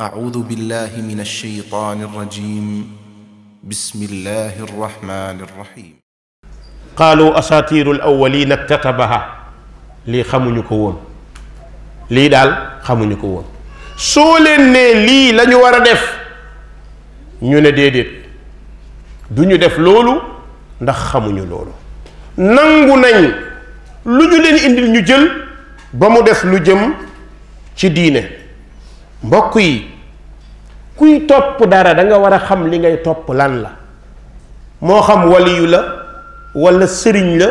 أعوذ بالله من الشيطان الرجيم بسم الله الرحمن الرحيم قالوا أساطير الأولين اكتتبها لي خمونيكوون لي دال خمونيكوون سولين سولن لي لن يورا دف ñu ne déedéet du ñu def لولو ndax xamuñu loolu nangu nañ lu ñu leen indil ñu jël ba mu lu jëm ci diine mbokk yi kuy topp dara danga war a xam li ngay topp lan la moo xam waliyu la walla sëriñ la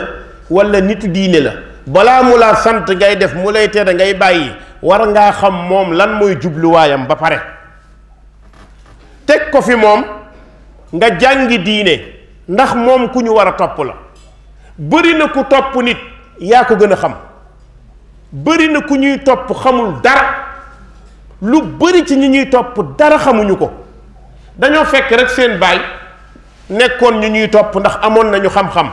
wala nitu diine la balaa mu laa sant ngay def mu lay tere ngay bàyyi war ngaa xam moom lan mooy jubluwaayam ba pare teg ko fi moom nga jàngi diine ndax moom ku ñu war a topp la bari na ku topp nit yaa ko gën a xam bari na ku ñuy topp xamul dara lu bari ci ñi ñuy topp dara xamuñu ko dañoo fekk rek seen bay nekkoon ñu ñuy top ndax amoon nañu xam-xam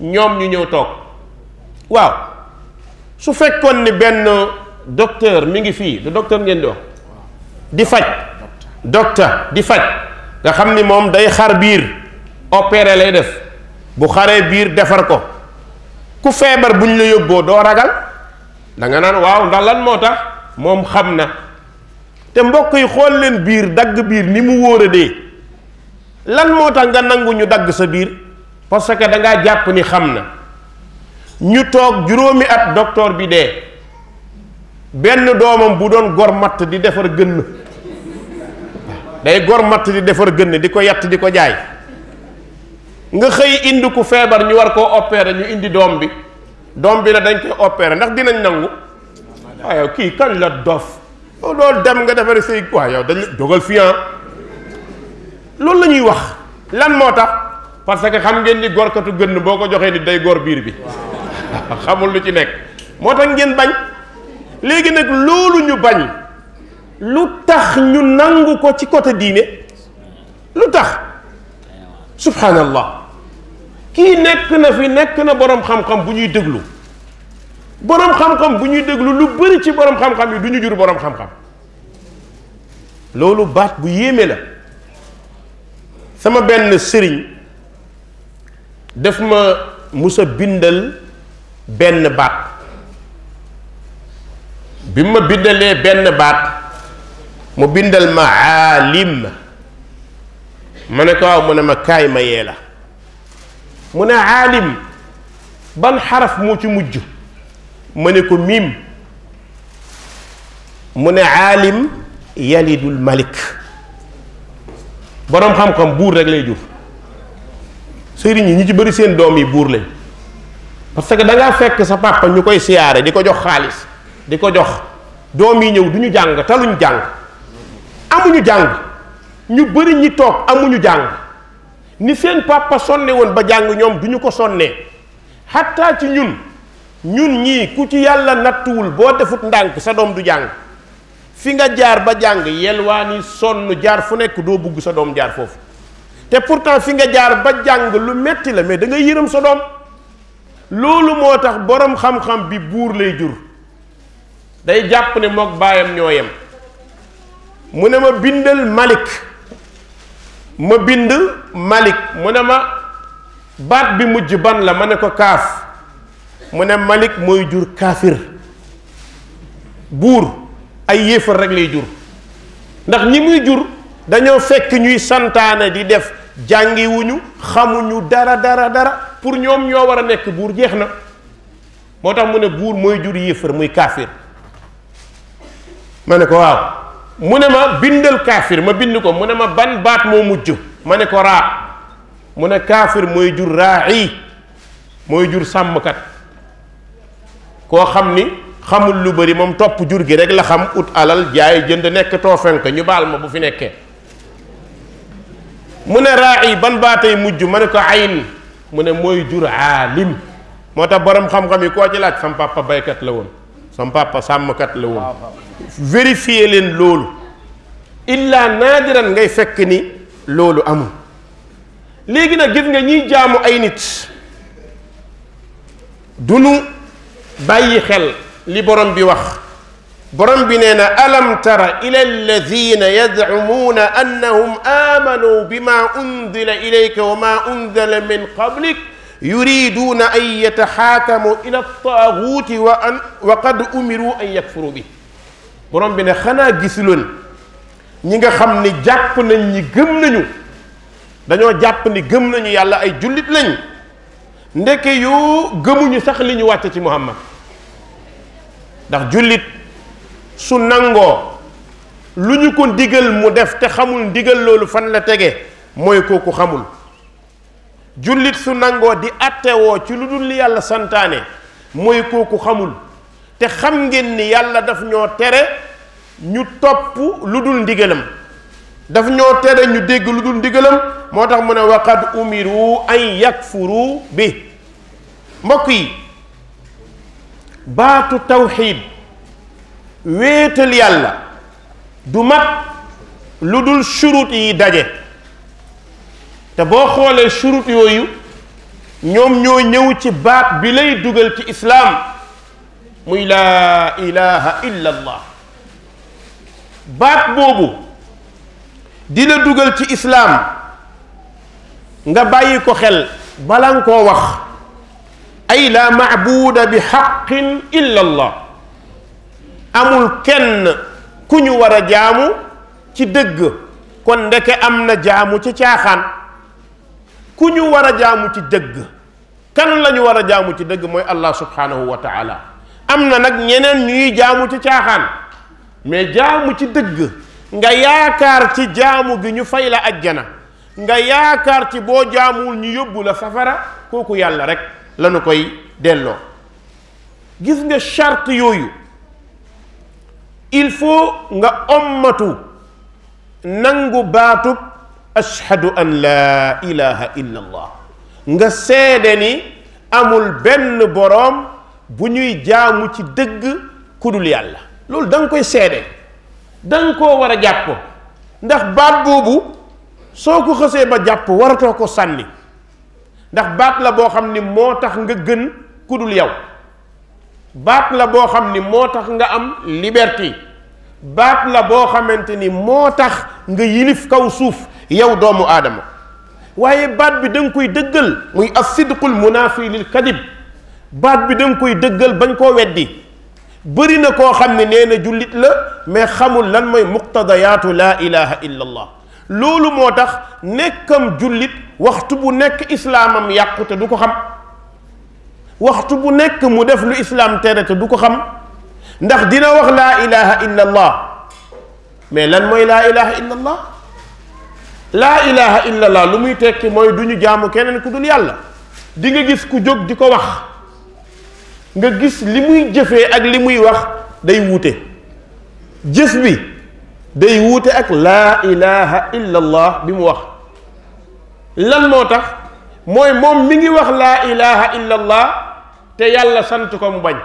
ñoom ñu ñëw toog waaw su fekkoon ni benn docteur mi ngi fii du docteur ngeen di wax di faj docteur di faj nga xam ni moom day xar biir opéré lay def bu xaree biir defar ko ku feebar buñ la yóbboo doo ragal da nga naan waaw ndax lan moo tax moom xam na te mbokk yi xool leen biir dagg biir ni mu wóor a lan moo tax nga nangu ñu dagg sa biir parce que dangaa jàpp ni xam na ñu toog juróomi at docteur bi dee benn doomam bu doon gor matt di defar gënn day gor matt di defar gënn di ko yatt di ko jaay nga xëy indi ku feebar ñu war koo opérer ñu indi doom bi doom bi na dañ koy opérer ndax dinañ nangu waaye kii kan la dof loolu oh, dem nga defari say ya yow dañ dogal fii ah loolu wax lan moo tax parce que xam ngeen ni gorkatu gën boo ko joxee ni day gor biir bi xamul lu ci nekk moo tax ngeen bañ léegi nag loolu ñu bañ lu tax ñu nangu ko ci côté lu tax subhanallah kii nek na fi nekk na borom xam-xam bu ñuy borom xam-xam bu ñuy déglu lu bari ci borom xam-xam yi duñu jur borom xam-xam loolu baat bu yéeme la sama benn sëriñ def ma musa bindal benn baat bi ma bindalee benn baat mu bindal ma aalim ma ne ko waaw mu ne ma kaay ma yee la mu ne aalim ban xaraf moo ci mujj ma ne ko miim mu ne aalim yalidul malik boroom xam-xam buur rek lay jur sëriñ yi ñi ci bëri seen doom yi buur lañ parce que da ngaa fekk sa papa ñu koy siyaare di ko jox xaalis di ko jox doom yi ñëw du ñu jàng taluñ jàng amuñu jàng ñu bëri ñi toog amuñu jàng ni seen papa sonne woon ba jàng ñoom du ñu ko sonnee xataa ci ñun ñun ñii ku ci yàlla nattuwul boo defut ndànk sa doom du jàng fi nga jaar ba jàng yelwaani sonn jaar fu nekk doo bugg sa doom jaar foofu te pourtant fi nga jaar ba jàng lu metti la mais da nga yërëm sa doom loolu moo tax boroom xam-xam bi buur lay jur day jàpp ne mook baayam ñoo yem mu ne ma bindal Malik ma bind Malik mu ne ma baat bi mujj ban la ma ne ko kaaf mune malik moy jur kafir bur ay yefal rek lay jur ndax ñi muy jur dañoo fekk ñuy santane di def jangi wuñu xamuñu dara dara dara pour ñom ñoo wara nek bur jeexna motax mune bur moy jur yefal moy kafir ma bindel ko waaw mune ma bindal kafir ma bind ko mune ma ban bat mo mujj mané ko ra mune kafir moy jur ra'i moy jur kat ko xamni ni xamul lu bari mom top jur gi rek la xam ut alal jaay jënd to fenk ñu bal ma bu fi nekké mu ra'i ban batay mujju mané ko ayn mune moy jur alim mota borom xam-xam yi ko ci laaj sam papa baykat la won sam papa kat la won vérifier len loolu illa nadiran ngay fekk ni loolu amul léegi nak gis nga ñi jaamu ay nit dunu bayyi xel li borom bi wax borom bi nee na alam tara ila alladina yazcumuna annahum amanu bima undila يريدون أن يتحاكموا إلى الطاغوت وأن وقد أمروا أن يكفروا به برام بنا خنا جسلون نيغا خامني جاب نيجم گم نانيو دانيو جاب نيجم گم نانيو يالا اي جوليت لاني ndeke yu gëmuñu sax li ñu wàcce ci muhammad ndax jullit su nangoo lu ñu ko ndigal mu def te xamul ndigal loolu fan la tege mooy kooku xamul jullit su nangoo di attewoo ci lu dul yàlla santaane mooy kooku xamul te xam ngeen ni yàlla daf ñoo tere ñu topp lu dul ndigalam daf ñoo tere ñu dégg lu dul ndigalam moo tax mu ne waqad umiru an yakfuru bi mbokk yi baatu tawxiid wéetal yàlla du mat lu dul shurut yi daje te boo xoolee shurut yooyu ñoom ñoo ñëw ci baat bi lay dugal ci islaam muy laa ilaha illa allah baat boobu dina dugal ci islaam nga bàyyi ko xel bala nga koo wax ay la maabuuda bi xaqin illa allah amul kenn ku ñu war a jaamu ci dëgg kon ndeke am na jaamu ci caaxaan ku ñu war a jaamu ci dëgg kenn lañu war a jaamu ci dëgg mooy allah subhanahu wa taala am na nag ñeneen ñuy jaamu ci caaxaan mais jaamu ci dëgg nga yaakaar ci jaamu gi ñu fay la ajjana nga yaakaar ci boo jaamuwul ñu yóbbu la safara kooku yàlla rek lañu koy delloo gis nga charte yooyu il faut nga ommatu nangu baatub ashhadu an laa ilaha illa nga seede ni amul benn borom bu ñuy jaamu ci dëgg ku yàlla loolu danga koy seede danga koo war a jàpp ndax baat boobu soo ko xësee ba jàpp waratoo ko sànni ndax baat la boo xam ni moo tax nga gën ku yow baat la boo xam ni moo tax nga am liberté baat la boo xamante ni moo tax nga yilif kaw suuf yow doomu aadama waaye baat bi da koy dëggal muy asidqul munaafi lil kadib baat bi da koy dëggal bañ koo weddi bëri na koo xam ne nee na jullit la mais xamul lan mooy muqtadayaatu laa ilaha illa allah loolu moo tax nekkam jullit waxtu bu nekk islaamam yàqu te du ko xam waxtu bu nekk mu def lu islaam tere te du ko xam ndax dina wax laa ilaha illa allah mais lan mooy laa ilaha illa allah laa ilaha illa allah lu muy tekki mooy du ñu jaamu keneen ku dul yàlla di nga gis ku jóg di ko wax nga gis li muy jëfee ak li muy wax day wuté jëf bi day wuté ak la ilaha illa allah bi mu wax lan motax moy mom mi ngi wax la ilaha illa allah te yàlla sant ko mu bañ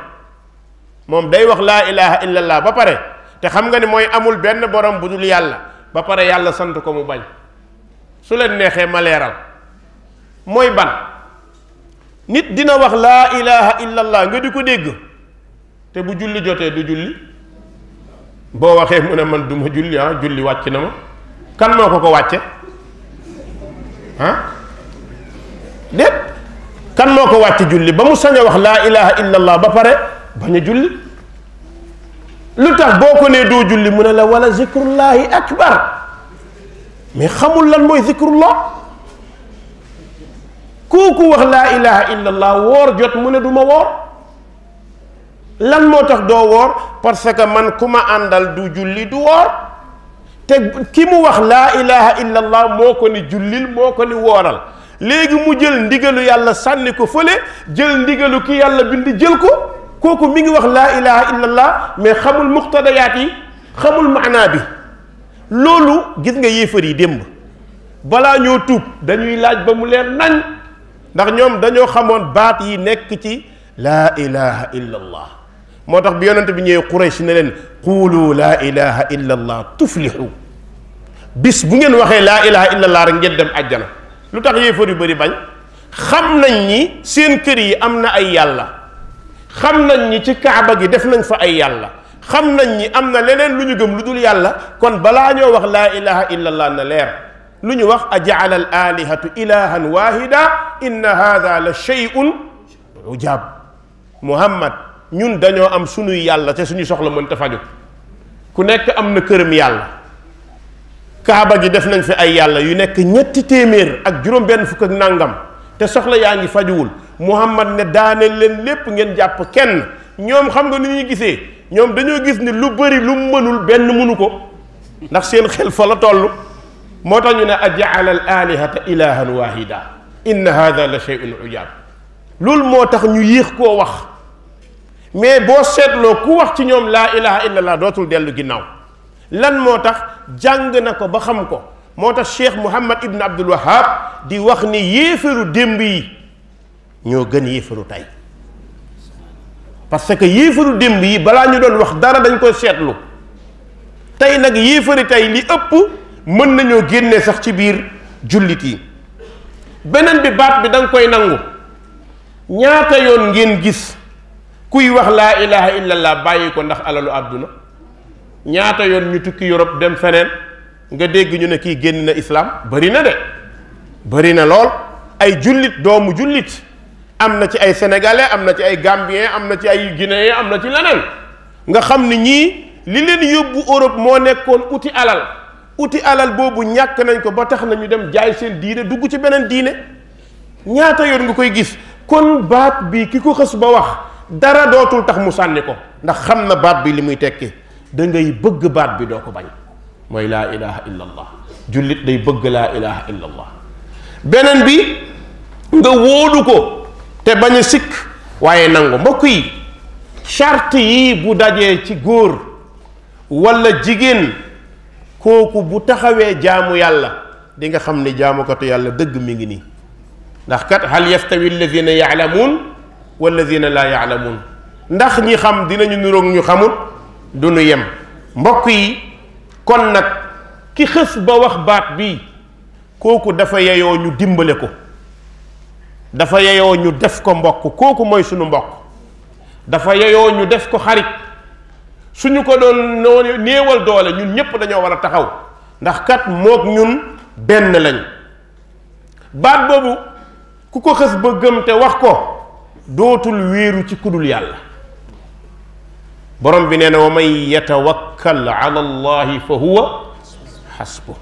mom day wax la ilaha illa allah ba pare te xam nga ni moy amul ben borom bu dul yàlla ba pare yàlla sant ko mu bañ su len nexé ma leeral mooy ban nit dina wax la ilaha illa allah nga diko deg te bu julli joté du julli bo waxé mune man duma julli ha julli wàcc na ma kan moko ko wàcce ah déet kan moko ko wàcce julli ba mu sañ wax la ilaha illa allah ba pare baña julli lutax boko né do julli mune la wala zikrullahi akbar mais xamul lan moy zikrullah kooku wax laa ilaha illallah woor jot mu ne du ma woor lan moo tax doo woor parce que man ku ma àndal du julli du woor te ki mu wax laa ilaha illallah moo ko ni jullil moo ko ni wooral léegi mu jël ndigalu yàlla sànni ko fële jël ndigalu ki yàlla bind jël ko kooku mi ngi wax laa ilaha illallah mais xamul muqtadayaat yi xamul maanaa bi loolu gis nga yéefar yi démb balaa ñoo tuub dañuy laaj ba mu leer nañ ndax ñoom dañoo xamoon baat yi nekk ci la ilaha illa allah moo tax bi yonente bi ñëwee quraysh ne leen qulu la ilaha illa allah tuflixu bis bu ngeen waxee la ilaha illa allah rek ngeen dem àjjana lu tax yéefar yu bëri bañ xam nañ ni seen kër yi am na ay yàlla xam nañ ni ci kaaba gi def nañ fa ay yàlla xam nañ ni am na leneen lu ñu gëm lu dul yàlla kon balaa ñoo wax la ilaha illa allah na leer lu ñu wax ajaala al alihatu ilahan wahida inna hada la shay'un ujab muhammad ñun dañoo am sunuy yàlla te suñu soxla mënta faju ku nekk am na këram yàlla kaaba gi def nañ fi ay yàlla yu nekk ñetti téeméer ak juróom benn fukk ak nàngam te soxla yaa ngi fajuwul muhammad ne daaneel leen lépp ngeen jàpp kenn ñoom xam nga ni ñuy gisee ñoom dañoo gis ni lu bëri lu mënul benn mënu ko ndax seen xel fa la toll موتاني نا اجعل الالهه الها واحدا ان هذا لشيء عجاب لول موتاخ ني ييخ كو واخ مي بو سيت كو واخ تي نيوم لا اله الا الله دوتول ديلو غيناو لان موتاخ جانغ نكو با خام كو موتاخ شيخ محمد ابن عبد الوهاب دي واخ ني ييفرو ديمبي ньо гэн ييفرو تاي parce que ييفرو ديمبي بلا ني دون واخ دارا دنج كو سيتلو تاي نك ييفري تاي لي اوب mën nañoo génne sax ci biir jullit yi beneen bi baat bi danga koy nangu ñaata yoon ngeen gis kuy wax laa ilaha illallah bàyyi ko ndax alalu àdduna ñaata yoon ñu tukki Europe dem feneen nga dégg ñu ne kii génn na islaam bari na de bari na lool ay jullit doomu jullit am na ci ay sénégalais am na ci ay gambien am na ci ay guinéen am na ci leneen nga xam ni ñii li leen yóbbu Europe moo nekkoon uti alal uti alal boobu ñàkk nañ ko ba tax nañu dem jaay seen diine dugg ci beneen diine ñaata yoon nga koy gis kon baat bi ki ko xës ba wax dara dootul tax mu sànni ko ndax xam na baat bi li muy tekki da bëgg baat bi doo ko bañ mooy laa ilaha illa jullit day bëgg laa ilaha illa beneen bi nga wóolu ko te bañ a sikk waaye nangu mbokk yi charte yi bu dajee ci góor walla jigéen koku bu taxawé jaamu yàlla di nga jaamu ko to yàlla deug mi ngi ni ndax kat hal yastawi alladina wal walladina la yaalamuun ndax ñi xam dinañu nuro ñu xamul du ñu yem mbokk yi kon nak ki xef ba wax baat bi koku dafa yeyo ñu dimbale ko dafa yeyo ñu def ko mbokk koku moy sunu mbokk dafa yeyo ñu def ko xarit suñu ko doon noo néewal doole ñun ñëpp dañoo war a taxaw ndax kat mook ñun benn lañ baat boobu ku ko xës ba gëm te wax ko dootul wéeru ci kudul yàlla borom bi nee na wa man yatawakkal ala allahi fa huwa xasbu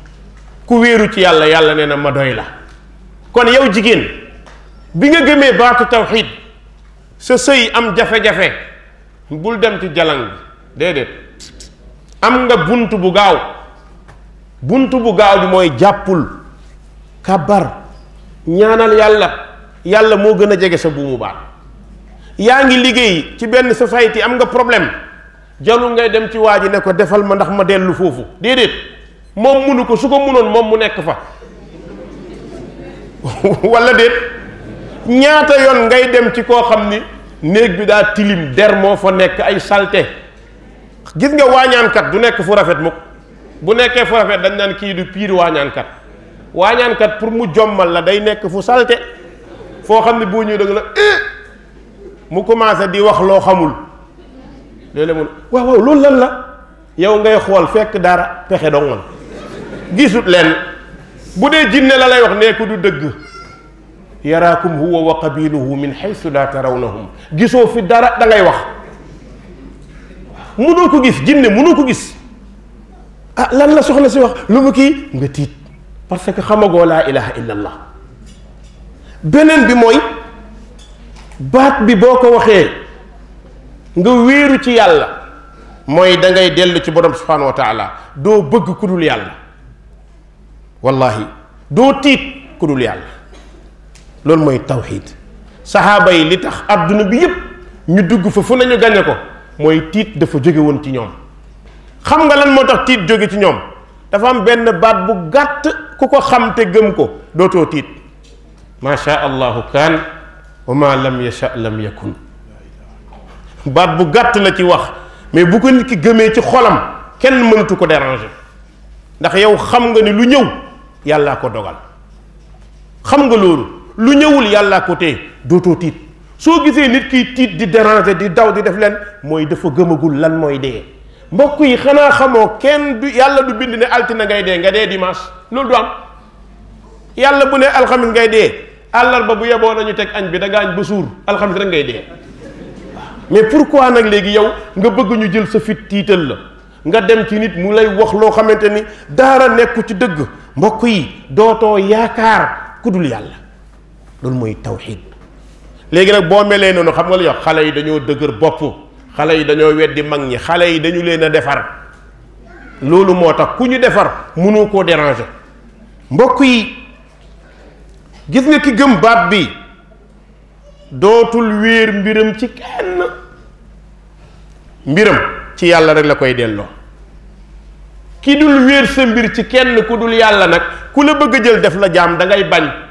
ku wéeru ci yàlla yàlla nee na ma doy la kon yow jigéen bi nga gëmee baatu tawxid sa sëy am jafe-jafe bul dem ci jalan bi déedéet am nga bunt bu gaaw bunt bu gaaw bi mooy jàppul kabar ñaanal yàlla yàlla moo gën a jege sa buumu baat yaa ngi liggéey ci benn société am nga problème jarul ngay dem ci waa ji ne ko defal ma ndax ma dellu foofu déedéet moom munu ko su ko munoon moom mu nekk fa walla déet ñaata yoon ngay dem ci koo xam ni néeg bi daa tilim der moo fa nekk ay salte gis nga wañaan kat du nek fu rafet mu bu nekkee fu rafet dañ nan ki du piir wañaan kat wañaan kat pour mu jommal la day nek fu salté fo xamni bo ñew da la eh! mu commencé di wax lo xamul lele mun wa wa lool lan la yow ngay xol fekk dara pexé dong man gisut len, bu dee jinne la lay wax nee du deug yarakum huwa wa qabiluhu min haythu la tarawnahum giso fi dara da ngay wax mënoo ko gis jinne mënoo ko gis ah lan la soxna si wax lu mu kii nga tiit parce que xamagoo laa ilaha illa allah beneen bi mooy baat bi boo ko waxee nga wéeru ci yàlla mooy da ngay dellu ci borom subhanahu wa taala doo bëgg ku dul yàlla wallahi doo tiit ku dul yàlla loolu mooy tawxid saxaaba yi li tax adduna bi yépp ñu dugg fa fu nañu gañe ko mooy tiit dafa jóge woon ci ñoom xam nga lan moo tax tiit jóge ci ñoom dafa am benn baat bu gàtt ku ko xam te gëm ko dootoo tiit ma sha allahu kaan wa ma lam yasha lam yakun baat bu gàtt la ci wax mais bu ko nit ki gëmee ci xolam kenn mënatu ko déranger ndax yow xam nga ni lu ñëw yàllaa ko dogal xam nga loolu lu ñëwul yàllaa ko tey dootoo tiit soo gisee nit kiy tiit di déranger di daw di def leen mooy dafa gëmagul lan mooy dee mbokk yi xanaa xamoo kenn du yàlla du bind ne altina ngay dee nga dee dimanche loolu du am yàlla bu ne alxamis ngay dee àllarba bu yeboo nañu teg añ bi da gaañ ba suur alxamis rek ngay dee mais pourquoi nag léegi yow nga bëgg ñu jël sa fit tiital la nga dem ci nit mu lay wax loo xamante ni daara nekku ci dëgg mbokk yi dootoo yaakaar ku dul yàlla loolu mooy tawxiid léegi nag boo melee noonu xam nga lu yox xale yi dañoo dëgër bopp xale yi dañoo weddi mag ñi xale yi dañu leen a defar loolu moo tax ku ñu defar mënu koo déranger mbokk yi gis nga ki gëm baat bi dootul wéer mbiram ci kenn mbiram ci yàlla rek la koy delloo ki dul wéer sa mbir ci kenn ku dul yàlla nag ku la bëgg jël def la jaam dangay bañ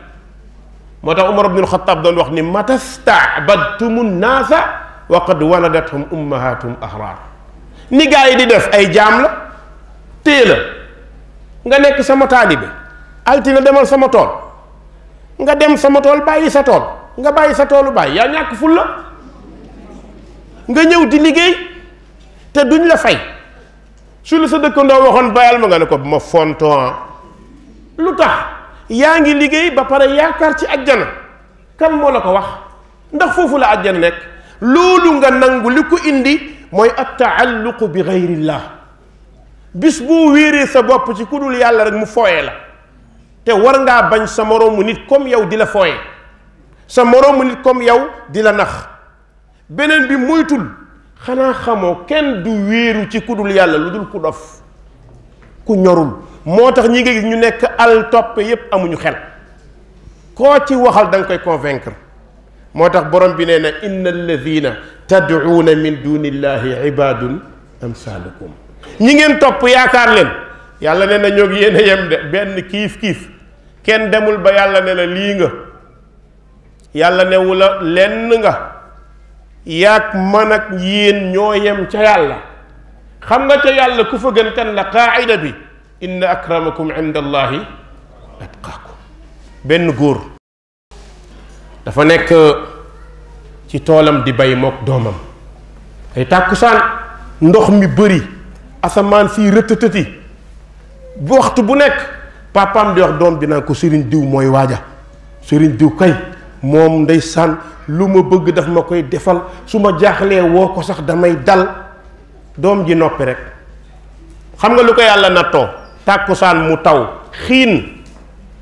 moo tax umar ibnul xataab doon wax ni matastaabadtumu naasa wa qad waladathum ummahatum ahraar ni gaa yi di def ay jaam la téye la nga nekk sama taalibe altine demal sama tol nga dem sama tool bàyyi sa tool nga bàyyi sa toolu bàyyi yaa ñàkk ful la nga ñëw di liggéey te duñ la fay su la sa dëkkandoo waxoon bayal ma nga ne ko ma fonton lu yaa ngi liggéey ba pare yaakaar ci ajjana kan moo la ko wax ndax foofu la ajjana nekk loolu nga nangu li ko indi mooy at taalluqu bi gayrillah bis boo wéeree sa bopp ci ku dul yàlla rek mu fooye la te war ngaa bañ sa moroomu nit comme yow di la fooye sa moroomu nit kom yow di la nax beneen bi moytul xanaa xamoo kenn du wéeru ci ku dul yàlla lu dul ku dof ku ñorul moo tax ñi nga gis ñu nekk al toppe yépp amuñu xel koo ci waxal danga koy convaincre moo tax borom bi nee na inna alladina tad'uuna min duni illahi ibadun amsalukum ñi ngeen topp yaakaar leen yàlla nee na ñoo ngi yéen a yem de benn kiif kiif kenn demul ba yàlla ne la lii nga yàlla newu la lenn nga yaag man ak yéen ñoo yem ca yàlla xam nga ca yàlla ku fa gën kan la qaa'ida bi inna akramakum indallahi atqakum ben gor dafa nek ci tolam di bay mok domam ay takusan ndokh mi beuri asaman fi rëtëtëti bu waxtu bu nek papam di wax dom bi nan ko serigne diw moy waja serigne diw kay mom ndeysan luma beug daf makoy defal suma jaxle wo ko sax damay dal dom ji nopi rek xam nga lu ko yalla natto Takusan mu taw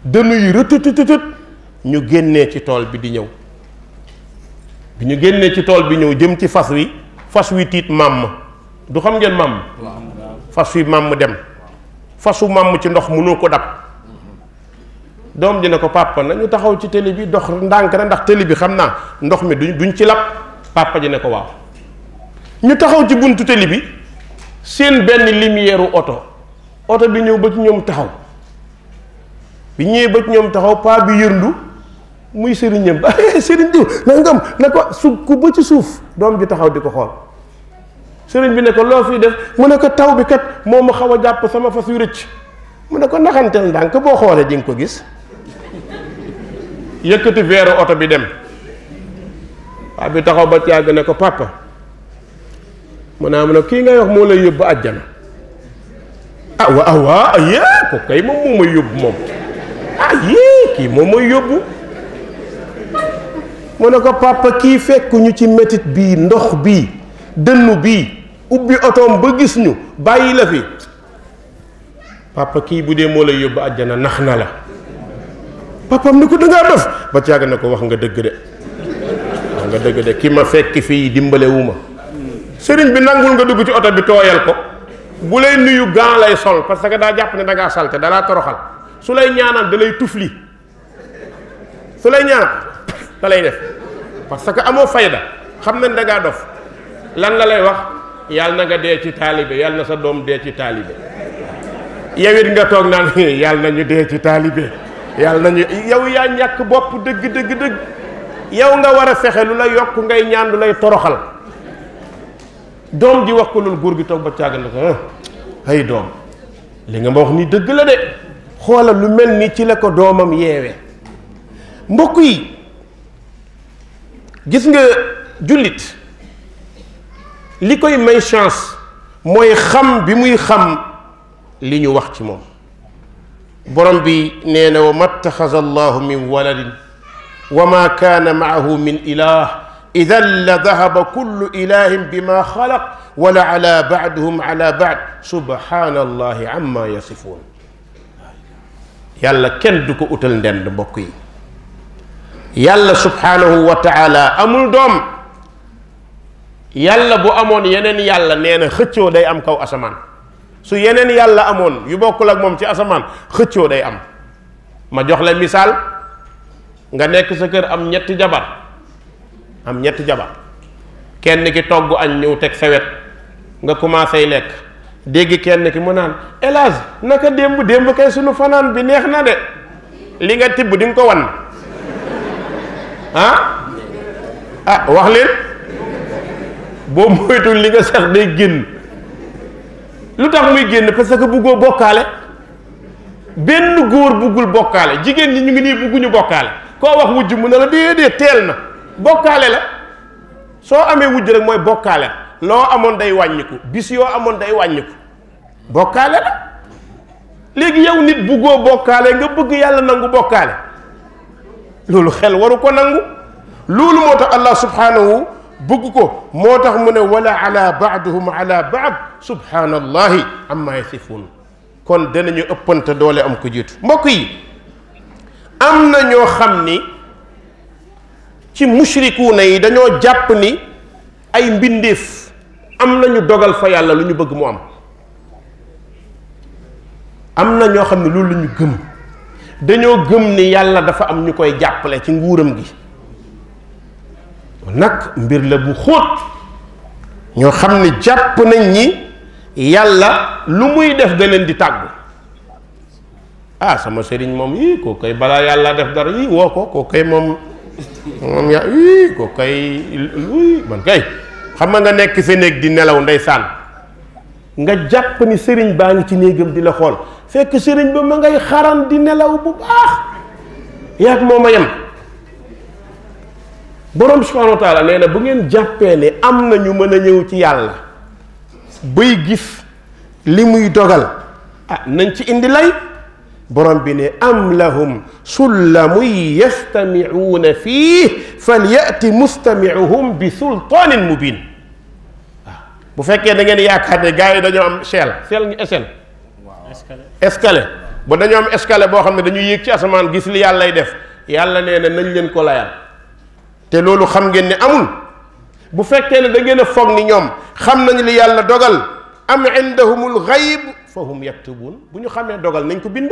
de nuy retututut ñu génné ci tool bi di ñew bi ñu génné ci tool bi ñew jëm ci fas wi fas wi tit mam du xam ngeen mam fas wi mam dem fasu mam ci ndox mënoo ko dab dom dina ko papa nañu taxaw ci télé bi dox ndank na ndax télé bi xamna ndox mi duñ ci lap papa ji ne ko waaw ñu taxaw ci buntu télé bi seen benn lumière auto auto bi ñew ba ci ñom taxaw bi ñewé ba ci ñom taxaw pa bi yërndu muy serignam serigne eh, diw na ngam nako su ku ba ci suuf doom ji taxaw diko xol serigne bi ne ko lo fi def mu ne ko taw bi kat momu xawa japp sama fas yu recc mu ne ko naxantel dank bo xolé ding ko gis yëkëti véru auto bi dem pa bi taxaw ba ci yag ne ko papa mu na mu ne ki nga wax mo lay yëb aljana ah waaw ah, waaw ah, yee ko kay moom moo may yóbbu moom ah yee kii moom mooy yóbbu mu ne ko papa kii fekkuñu ci metit bii ndox bii dënnu bii ubbi otoom ba gis ñu bàyyi la fi papa kii bu dee moo lay yóbbu àjjana nax na la papaam ni ko dangaa dof ba càgg na ko wax nga dëgg de wax nga dëgg de ki ma fekk fii dimbalewu ma sëriñ bi nangul nga dugg ci oto bi tooyal ko bu lay nuyu gant lay sol parce que daa jàpp ne da salte da toroxal su lay ñaanal da lay tufli su lay ñaanal da def parce que amoo fayda xam nañ da ngaa dof lan la lay wax yàlla na nga dee ci taalibe yàlla na sa doom dee ci taalibe yow nga toog naan yàlla na ñu dee ci taalibe yàlla na ñu yow yaa ñàkk bopp dëgg dëgg dëgg yow nga war a fexe lu la yokk ngay ñaan lay toroxal. doom di wax ko loolu góor gi toog ba caagal la hay doom li nga ma wax ni dëgg la de xoolal lu mel ni ci la ko doomam yeewee mbokk yi gis nga jullit li koy may chance mooy xam bi muy xam li ñu wax ci moom borom bi nee na wa mattaxasa allahu min waladin wa ma kaana maahu min ilah إذا لذهب كل إله بما خلق ولعلى بعدهم على بعد سبحان الله عما يصفون يلا كن دوكو أوتل ندند بوكي يلا سبحانه وتعالى أمول دوم يلا بو أمون ينن يلا نين خچو داي أم كو أسمان سو ينن يلا أمون يبوك لك موم تي أسمان خچو داي أم ما جوخ لا مثال nga nek sa keur am ñetti jabar am ñetti jabar kenn ki togg añ ñëw teg sawet nga commencé lekk dégg kenn ki mu naan elage naka démb démb kay sunu fanaan bi neex na de li nga tibb di nga ko wan ah ah wax leen boo moytul li nga set day génn lu tax muy génn parce que buggoo bokkaale benn góor buggul bokkaale jigéen ñi ñu ngi nii bugguñu bokkaale koo wax wujj mu ne la déedéet teel na bokkaale la soo amee wujj rek mooy bokkaale loo amoon day wàññiku bis yoo amoon day wàññiku bokkaale la léegi yow nit buggoo bokkaale nga bëgg yàlla nangu bokkaale loolu xel waru ko nangu loolu moo tax allah subhanahu bëgg ko moo tax mu ne wala ala baaduhum ala baad subhanallahi amma yasifuun kon danañu ëppante doole am ko jiitu mbokk yi am na ñoo xam ni ci mushrikuuna yi dañoo jàpp ni ay mbindeef am nañu dogal fa yàlla lu ñu bëgg mu am am na ñoo xam ne loolu la ñu gëm dañoo gëm ni yàlla dafa am ñu koy jàppale ci nguuram gi nag mbir la bu xóot ñoo xam ne jàpp nañ ni yàlla lu muy def da leen di tàggu ah sama sëriñ moom yi koo koy balaa yàlla def dara yi woo ko koo moom moom ya wi ko kay man kay xam nga nek sa nek di nelaw ndaysan nga japp ni serigne baa ci negam di la xol fekk serigne ba ma ngay xaram di nelaw bu baax ah, yaag moma yam borom subhanahu wa taala neena bu ngeen jappé né amna ñu mëna ñëw ci yalla buy gis limuy dogal ah nañ ci indi lay borom bi ne am lahum sullamun yastamicuuna fiih falyaati mustamicuhum bi sultaanin mubin waaw bu fekkee da ngeen yaakaar ne gars yi dañoo am seel seel ngi échelle escalier ba dañoo am escalier boo xam ne dañuy yéeg ci asamaan gis li yàllay def yàlla nee na nañ leen ko layal te loolu xam ngeen ne amul bu fekkee ne da ngeen a foog ni ñoom xam nañ li yàlla dogal am indahumul xayb fa hum yaktubuun bu ñu xamee dogal nañ ko bind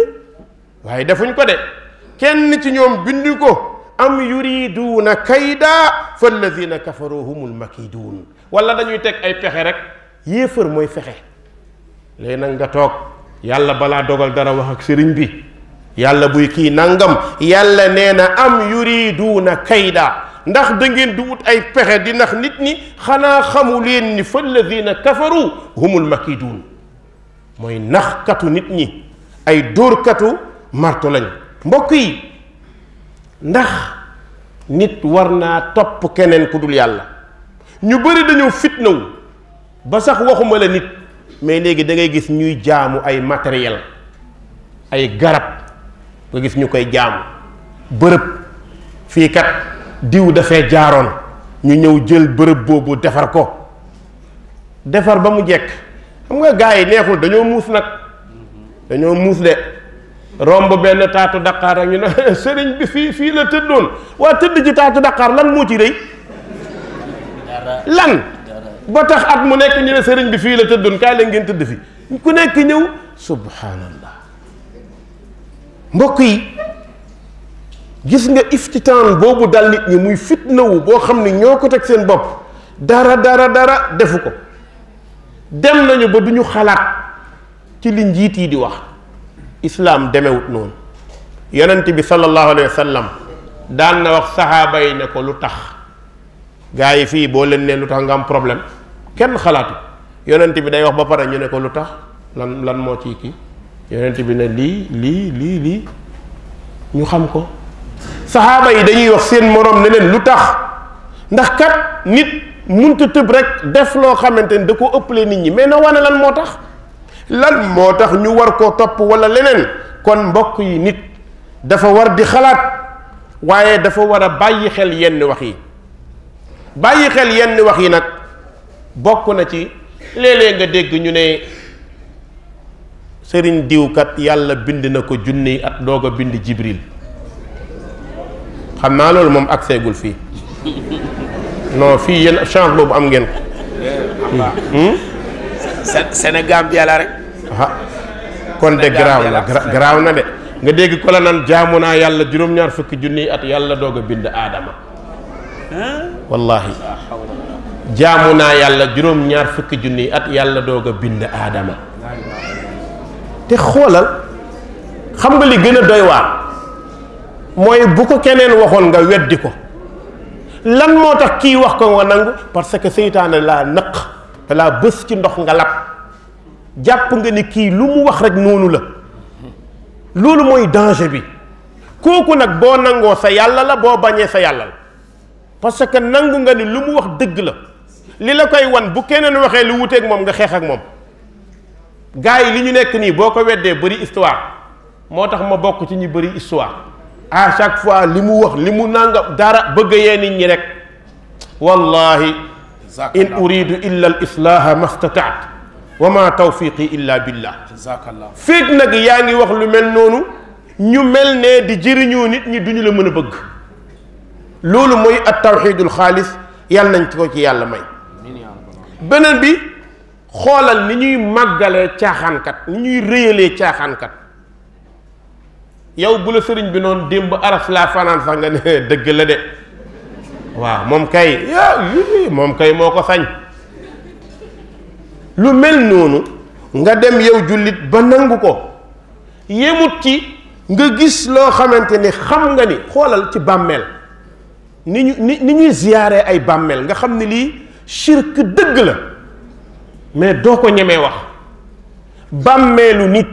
waye defuñ ko de kenn ci ñoom bindu ko am yuriduna kayda falladina kafaru humul makiduun wala dañuy tek ay pexe rek yéefar moy fexe léegi nag nga tok yàlla bala dogal dara wax ak serigne bi yàlla buy ki nangam yàlla neena am yuriduna kayda ndax da ngeen du wut ay pexe di nax nit ñi xanaa xamu len ni falladina kafaru humul makidun moy nax naxkatu nit ñi ay dóorkatu marto lañ mbokk yi ndax nit warna top kenen ku dul yalla ñu bari dañu fitnawu ba sax waxuma la nit mais legi da ngay gis ñuy jaamu ay matériel ay garab nga gis ñukoy jaam beurep fi kat diw dafee jaaron ñu ñew jël beurep bobu defar ko defar ba mu jek xam nga gaay neexul dañu mus nak dañu mus de romb ben taatu dakar ak ñu ne sëriñ bi fi fi la tëddoon wa tedd ji taatu dakar lan mo ci rëy lan ba tax at mu nek ñu serigne bi fi la tëddoon kay la ngeen tedd fi ku nek ñew subhanallah mbokk yi gis nga iftitan bobu dal nit ñi muy fitna wu bo xamni ñoko tek seen bop dara dara dara defuko. dem nañu ba duñu xalaat ci li njiit di wax islaam demewut non yonenti bi sallallahu alayhi wasallam dal na wax sahaba yi ne ko lutax gaay fi bo len ne lutax tax nga am problème kenn xalaatu yonenti bi day wax ba pare ñu ne ko lutax lan lan mo ci ki yonenti bi ne li li li li ñu xam ko sahaba yi dañuy wax seen morom ne len lutax ndax kat nit muntu tëb rek def lo xamante ni da ko ëppale nit ñi mais na wana lan motax tax lan moo tax ñu war koo topp wala leneen kon mbokk yi nit dafa war di xalaat waaye dafa war a bàyyi xel yenn wax yi bàyyi xel yenn wax yi nag bokk na ci léeg nga dégg ñu ne sëriñ diwkat yàlla bind na ko junni at doog a bind jibril xam naa loolu moom ak seegul fii non fii yéen chance boobu am ngeen ko. Sénégal bi yàlla rek. ah kon de garaaw na garaaw na de nga dégg ko la nan jaamu naa yàlla juróom-ñaar fukki junniy at yàlla doog a bind aadama wallaahi naa yàlla juróom yàlla doog bind aadama te xoolal xam nga li gën doy waar mooy bu ko keneen waxoon nga weddi ko lan moo tax kii wax ko nga nangu parce que seytaane laa nëq te laa bës ci ndox nga lab jàpp nga ni ki lu mu wax rek nonu la lolu moy danger bi koku nak bo nango sa yàlla la bo bañee sa yàlla la parce que nangu nga ni lu mu wax deug la li la koy wan bu kenen waxe lu wute ak mom nga xex ak mom gaay li ñu nekk ni boko ko bari histoire motax ma bok ci ñi bari histoire à chaque fois li mu wax li mu nanga dara bëgg yee nit ñi rek wallahi in uridu illa al islaha mastataat wa ma tawfiqi illa billah féeg nag yaa ngi wax lu mel noonu ñu mel ne di jëriñoo nit ñi duñu la mën a bëgg loolu mooy at xaalis yàlla nañ ko ci yàlla may beneen bi xoolal ni ñuy màggalee caaxaankat ni ñuy rëyalee caaxaankat yow bu la sëriñ bi noonu démb araf laa fanaan sax nga ne dëgg la de waaw moom kay moom kay moo ko sañ lu mel noonu nga dem yow jullit ba nangu ko yemut ci nga gis loo xamante ni xam nga ni xoolal ci bàmmeel ni ñu ni ñuy ziyaare ay bàmmeel nga xam ni lii shirk dëgg la mais doo ko ñemee wax bàmmeelu nit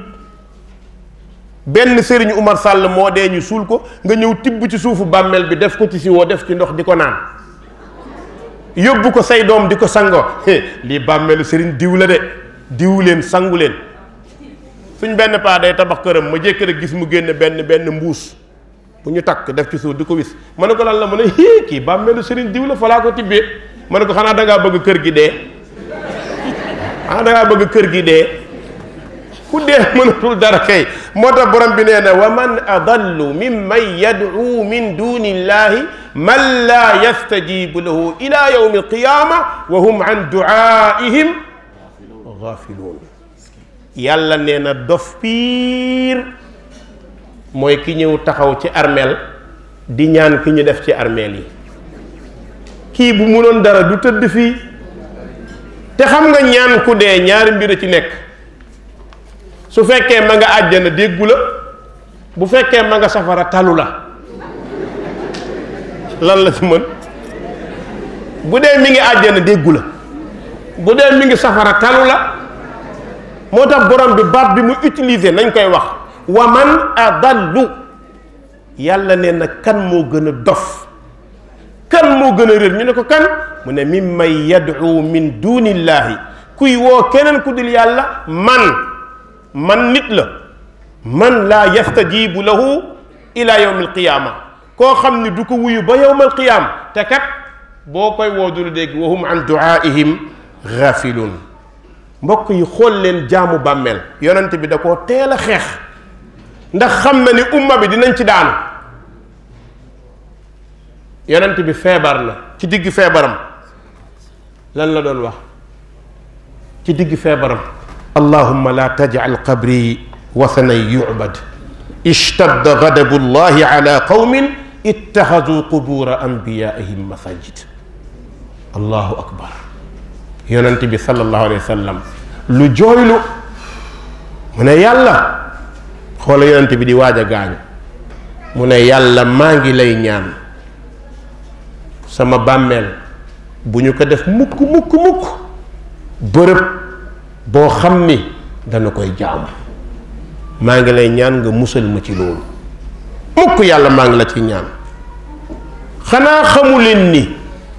benn sëriñ Umar Sàll moo dee ñu suul ko nga ñëw tibb ci suufu bàmmeel bi def ko ci siwoo def ci ndox di ko naan yóbbu ko say doom di ko sangoo lii bàmmeelu sëriñ diw la de diw leen sangu leen suñ benn paa tabax këram ma jékki rek gis mu génn benn benn mbuus bu ñu takk def ci suuf di ko wis ma ne ko lan la mu ne hii kii bàmmeelu sëriñ diw la fa ko tibbee mën ne ko xanaa dangaa bëgg kër gi dee xanaa dangaa bëgg kër gi dee ku dee mënatul dara kay mota borom bi nee wa man adallu mimman yad'u min duni llahi man la yastajibu lahu ila yawm alqiyama wa hum an du'aihim ghafilun Yalla nee na dof piir mooy ki ñew taxaw ci armel di ñaan ki ñu def ci armel yi ki bu munoon dara du teud fi te xam nga ñaan ku dee ñaar mbir ci nek su fekkee ma nga àjjana déggu la bu fekkee ma nga safara talu la lan la si mën bu dee mi ngi àjjana déggu la bu dee mi ngi safara talu la moo tax borom bi baat bi mu utiliser nañ koy wax wa man adallu yàlla nee na kan moo gën a dof kan moo gën a réer ñu ne ko kan mu ne mimman yad'u min dunillahi kuy woo keneen ku dul yàlla man man nit la man la yastajibu lahu ila yawm alqiyama koo xam ne du ko wuyu ba yawm alqiyama te kat bokoy wo dul deg wa hum an duaihim ghafilun mbok yi xol len jaamu bammel yonent bi da koo teel a ndax xam na ni umma bi dinañ ci daanu yonent bi febar la ci digg febaram lan la doon wax ci digg febaram اللهم لا تجعل قبري وثنا يعبد اشتد غضب الله على قوم اتخذوا قبور انبيائهم مساجد الله اكبر yonent bi sallallahu alayhi wa sallam lu jooylu mu ne yàlla xoola yonent bi di waaj a gaañu mu ne yàlla maa ngi lay ñaan sama bàmmeel bu ñu ko def mukk mukk mukk bërëb boo xam ni dana koy jaamu maa ngi lay ñaan nga musal ma ci loolu mukk yàlla maa ngi la ci ñaan xanaa xamu ni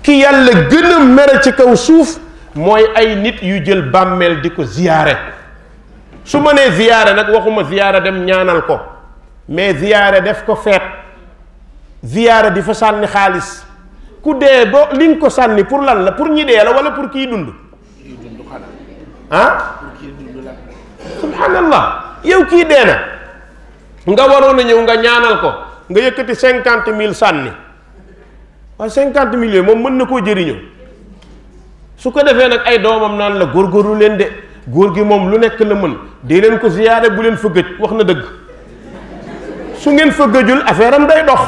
ki yàlla gën a mere ci kaw suuf mooy ay nit yu jël bàmmeel di ko ziyaare su ma nee ziyaare nag waxuma ziyaare dem ñaanal ko mais ziyaare def ko feet ziyaare di fa sànni xaalis ku dee ba li nga ko sànni pour lan la pour ñi dee la walla pour kiy dund ah subhanallah yow kii dee na nga waroon a ñëw nga ñaanal ko nga yëkkati cinquante mille sànni waaye cinquante mille yooyu moom mën na koo jëriñoo su ko defee nag ay doomam naan la góor góorgóorlu leen de góor gi moom lu nekk la mën dee leen ko ziyaare bu leen fa wax na dëgg su ngeen fa gëjul am day dox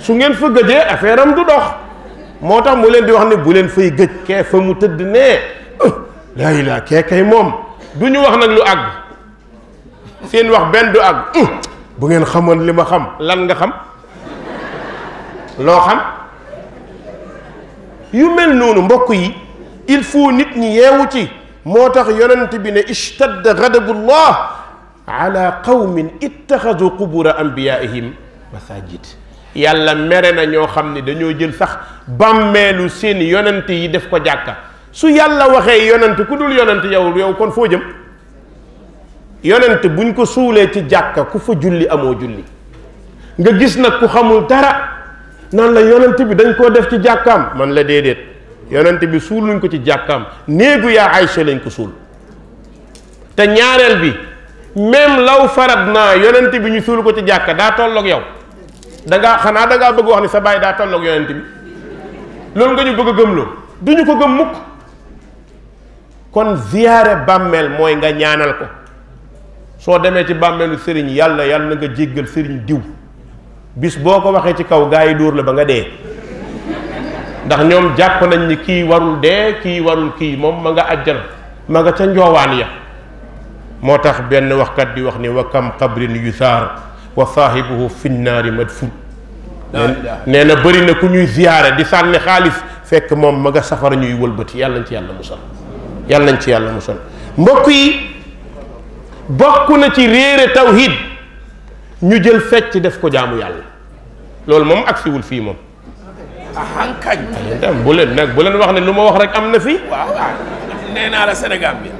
su ngeen fa gëjee am du dox moo tax mu leen di wax ne bu leen fay gëj kee fa mu tëdd nee laa ilaa kee kay moom du ñu wax nag lu àgg seen wax benn du àgg bu ngeen xamoon li ma xam lan nga xam loo xam yu mel noonu mbokk yi il faut nit ñi yeewu ci moo tax yonent bi ne ishtadda ghadabullah ala qawmin ittaxadu qubura anbiyaihim masajid yàlla mere na ñoo xam ne dañoo jël sax bàmmeelu seen yonent yi def ko jàkka su yàlla waxee yonent ku dul yonent yow yow kon foo jëm yonent buñ ko suulee ci jàkka ku fa julli amoo julli nga gis nag ku xamul dara naan la yonent bi dañ koo def ci am man la déedéet yonent bi suuluñ ko ci jàkkaam néegu yaa Aïcha lañ ko suul te ñaareel bi même law farat naa yonent bi ñu suul ko ci jàkka daa tolloog yow da ngaa xanaa da ngaa bëgg wax ni sa baay daa tolloog yonent bi loolu nga ñu bëgg a gëmloo du ñu ko gëm mukk kon ziyaare bàmmeel mooy nga ñaanal ko soo demee ci bàmmeelu sëriñ yàlla yàlla na nga jéggal sëriñ diw bis boo ko waxee ci kaw gaa yi dóor la ba nga dee ndax ñoom jàpp nañ ni kii warul de kii warul kii moom ma nga àjjana ma nga ca njoowaan ya moo tax benn wax waxkat di wax ni wa yu qabrin yusaar wa saahibuhu finnaari madfun nee na bëri na ku ñuy ziyaare di sànni xaalis fekk moom ma nga safara ñuy wëlbati yàlla na ci yàlla musal yàlla nañ ci yàlla musal mbokk yi bokku na ci réere tawhid ñu jël fecc def ko jaamu yàlla loolu moom agsiwul fii moom ahankañ bu leen nag bu leen wax ne lu ma wax rek am na fi waaw nee bi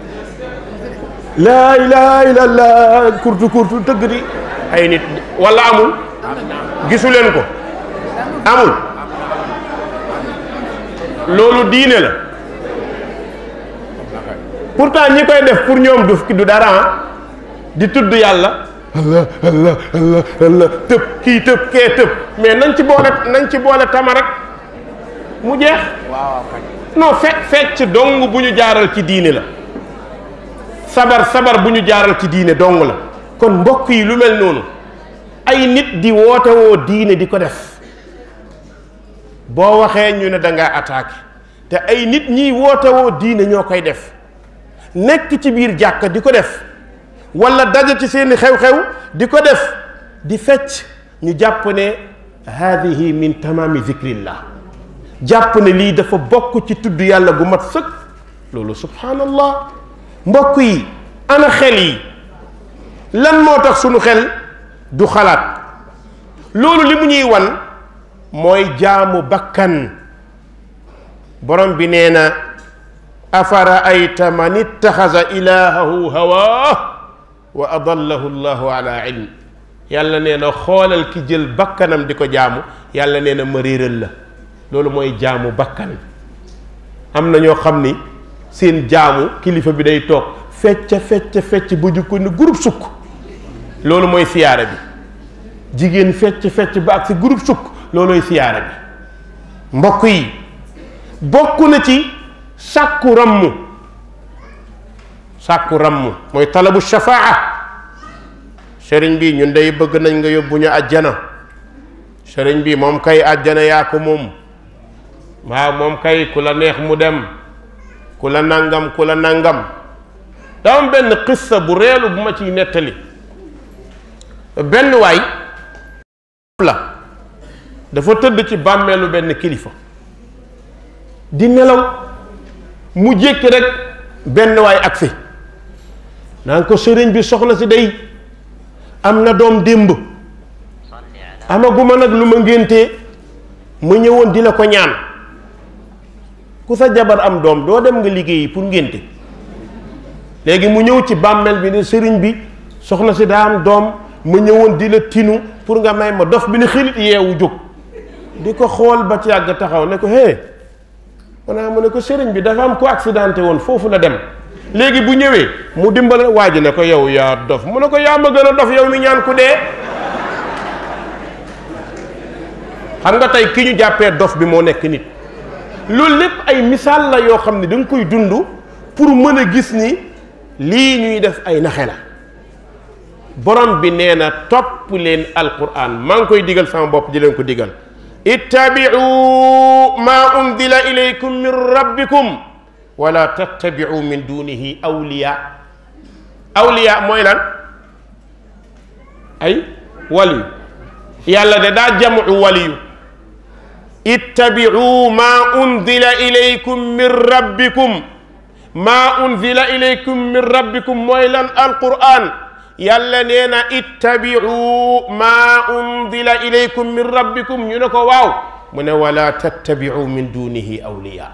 laa ilaha illallah kurtu kurtu tëgg di ay nit walla amul gisu leen ko amul loolu diine la pour pourtant ñi koy def pour ñoom du du dara ah. di tudd yàlla allah allah allah tëb kii tëb kee tëb mais nañ ci boole nañ ci boole tama rek mu jeex waaw non fecc dong bu ñu jaaral ci diine la sabar sabar bu ñu jaaral ci diine dong la kon mbokk yi lu mel noonu ay nit di wootewoo woo diine di ko def boo waxee ñu ne da ngaa te ay nit ñiy woote woo diine ñoo koy def nek ci bir jakk diko def wala dajje ci seen xew-xew diko def di fecc ñu jàpp ne hadihi min tamam zikrillah jàpp ne li dafa bok ci tuddu yàlla gu mat sëkk lolu subhanallah mbok yi ana xel yi lan moo tax sunu xel du xalat lolu limu ñuy wan moy jaamu bakkan borom bi neena afaraayta man ittaxasa ilaahahu hawaa wa adallahu llahu ala yàlla nee xoolal ki jël bakkanam di ko jaamu yàlla nee na ma réeral la loolu mooy jaamu bakkan am na ñoo xam ni seen jaamu kilifa bi day toog fecc fecc fecc bu jukko ni groupe sukk loolu mooy siyaara bi jigéen fecc fecc ba ak si groupe sukk loolooy siyaara bi mbokk yi bokk na ci sàkku rammu sàkku rammu mooy talabu shafaa sëriñ bi ñun day bëgg nañ nga yóbbu ñu àjjana sëriñ bi moom kay àjjana yaa ko moom waaw moom kay ku la neex mu dem ku la nangam ku la nangam daa am benn xissa bu reelu bu ma ciy nettali benn waay la dafa tëdd ci bàmmeelu benn kilifa di nelaw mu jékki rek benn waay ak fi ko sëriñ bi soxna si day am na doom démb amaguma nag lu ma ngéntee mu ñëwoon di la ko ñaan ku sa jabar am doom doo dem nga liggéeyi pour ngénte léegi mu ñëw ci bàmmeel bi ne sëriñ bi soxna si daa am doom mu ñëwoon di la tinu pour nga may ma dof bi ne xilit yeewu jóg di ko xool ba ci yàgg taxaw ne ko hé maanaam mu ne ko sëriñ bi dafa am ko accidenté woon foofu la dem léegi bu ñëwee mu dimbal waa ji ne ko yow yaa dof mu ne ko yaa ma gën a dof yow mi ñaan ku dee xam nga tey ki ñu jàppee dof bi moo nekk nit loolu lépp ay misaal la yoo xam ne da koy dund pour mën a gis ni lii ñuy def ay naxe la borom bi nee na topp leen alquran maa ngi koy digal sama bopp di leen ko digal اتبعوا ما أنزل إليكم من ربكم ولا تتبعوا من دونه أولياء أولياء موي لان اي ولي يلا de daa jamu اتبعوا ما أنزل إليكم من ربكم ما أنزل إليكم من ربكم موي لان القران يلا نينا اتبعوا ما انزل اليكم من ربكم ينكو واو من ولا تتبعوا من دونه اولياء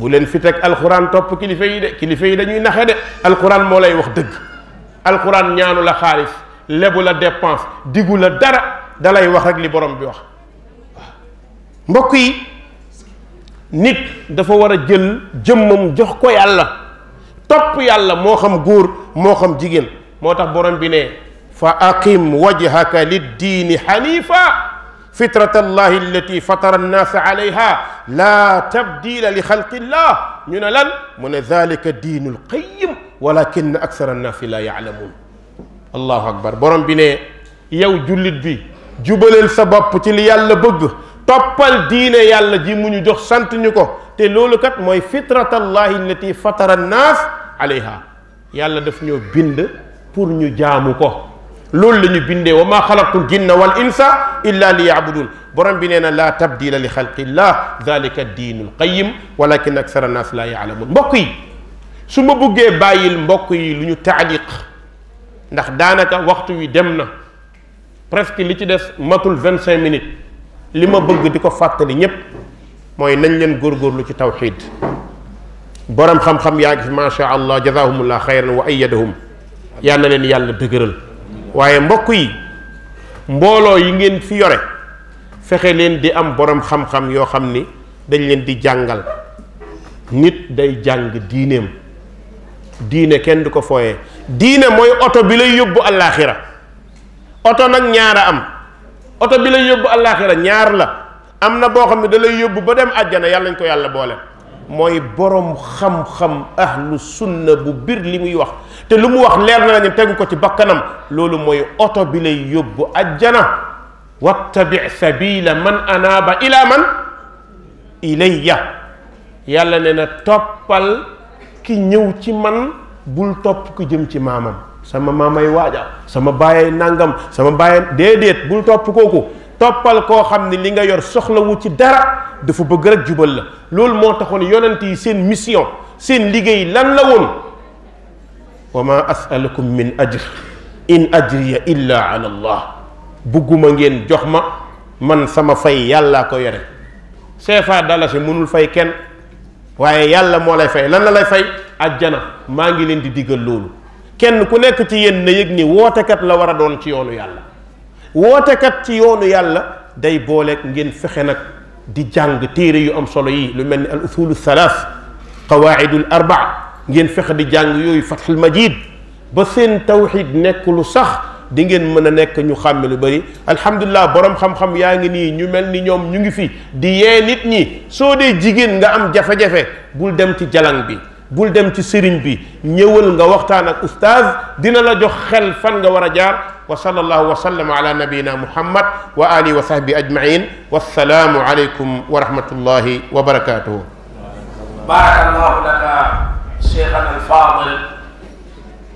بولن فيتك القران توب كليفاي دي كليفاي دانيو نخه دي القران مولاي واخ دغ القران نيانو لا خالص لبو لا ديبونس ديغو لا دارا دالاي واخ رك لي بروم بي واخ مبوكي نيت دافا ورا جيل جيمم جوخ كو يالا توب يالا مو خم غور مو خم جيجين moo tax borom bi ne fa aqim wajhaka liddiini xanifa فطرة الله التي فطر الناس عليها لا تبديل لخلق الله من لن من ذلك الدين القيم ولكن أكثر الناس لا يعلمون الله أكبر برم بني يو جلد بي جبل سبب تل يالا بغ توبال دين يالا جي مونو جوخ سانت نيكو تي لولو كات موي فطرة الله التي فطر الناس عليها يالا داف نيو بند pour ñu jaamu ko loolu la ñu bindee wa maa xalaqtul jinna wal insa illa li yaabudun borom bi nee na laa tabdila li xalqillah dalika diinul qayim walakin aksara nas la yaalamun mbokk yi su ma buggee bàyyil mbokk yi lu ñu taaliq ndax daanaka waxtu wi dem na presque li ci des matul 25 minutes li ma bëgg di ko fàttali ñépp mooy nañ leen góorgóorlu ci tawxid borom xam-xam yaa ngi fi macha allah jazahumullah xayran wa ayadahum yal na leen yàlla dëgëral waaye mbokk yi mbooloo yi ngeen fi yore fexe leen di am boroom xam-xam yoo xam ni dañ leen di jàngal nit day jàng diineem diine kenn du ko fooyee diine mooy oto bi lay yóbbu allaaxira oto nag ñaar a am oto bi lay yóbbu allaaxira ñaar la am na boo xam ne da lay yóbbu ba dem àjjana yàlla nañ ko yàlla boole moy borom xam-xam ahlu sunna bu bir li wax te lu wax leer na ñu teggu ko ci bakkanam lolu moy auto bi lay yóbbu aljana wattabi sabila man anaba ila man ilayya yàlla neena topal ki ñëw ci man bul top ku jëm ci mamam sama mamay waja sama baye nangam sama baye dedet bul top koku topal ko xamni li nga yor soxla wu ci dara dafa bëgg rek jubal la lool mo taxone yonenti seen mission seen liggey lan la won wama asalukum min ajr in ajri illa ala allah buguma ngeen jox ma man sama fay yalla ko yore seefa dalasi munul fay ken waye yàlla mo lay fay lan la lay fay aljana ma ngi len di digal lool kenn ku nekk ci yéen ne yëg ni kat la wara a doon ci yoonu yàlla wootekat ci yoonu yàlla day booleeg ngeen fexe nag di jàng téere yu am solo yi lu mel ni al usulu thalath qawaidul arba ngeen fexe di jàng yooyu fathul majid ba seen tawxid nekk lu sax di ngeen mën a nekk ñu xàmme lu bëri alhamdulilah borom xam-xam yaa ngi nii ñu mel ni ñoom ñu ngi fi di yee nit ñi soo dee jigéen nga am jafe-jafe bul dem ci jalang bi bul dem ci sëriñ bi ñëwal nga waxtaan ak oustaz dina la jox xel fan nga war a jaar وصلى الله وسلم على نبينا محمد وآله وصحبه أجمعين والسلام عليكم ورحمة الله وبركاته بارك الله لك شيخنا الفاضل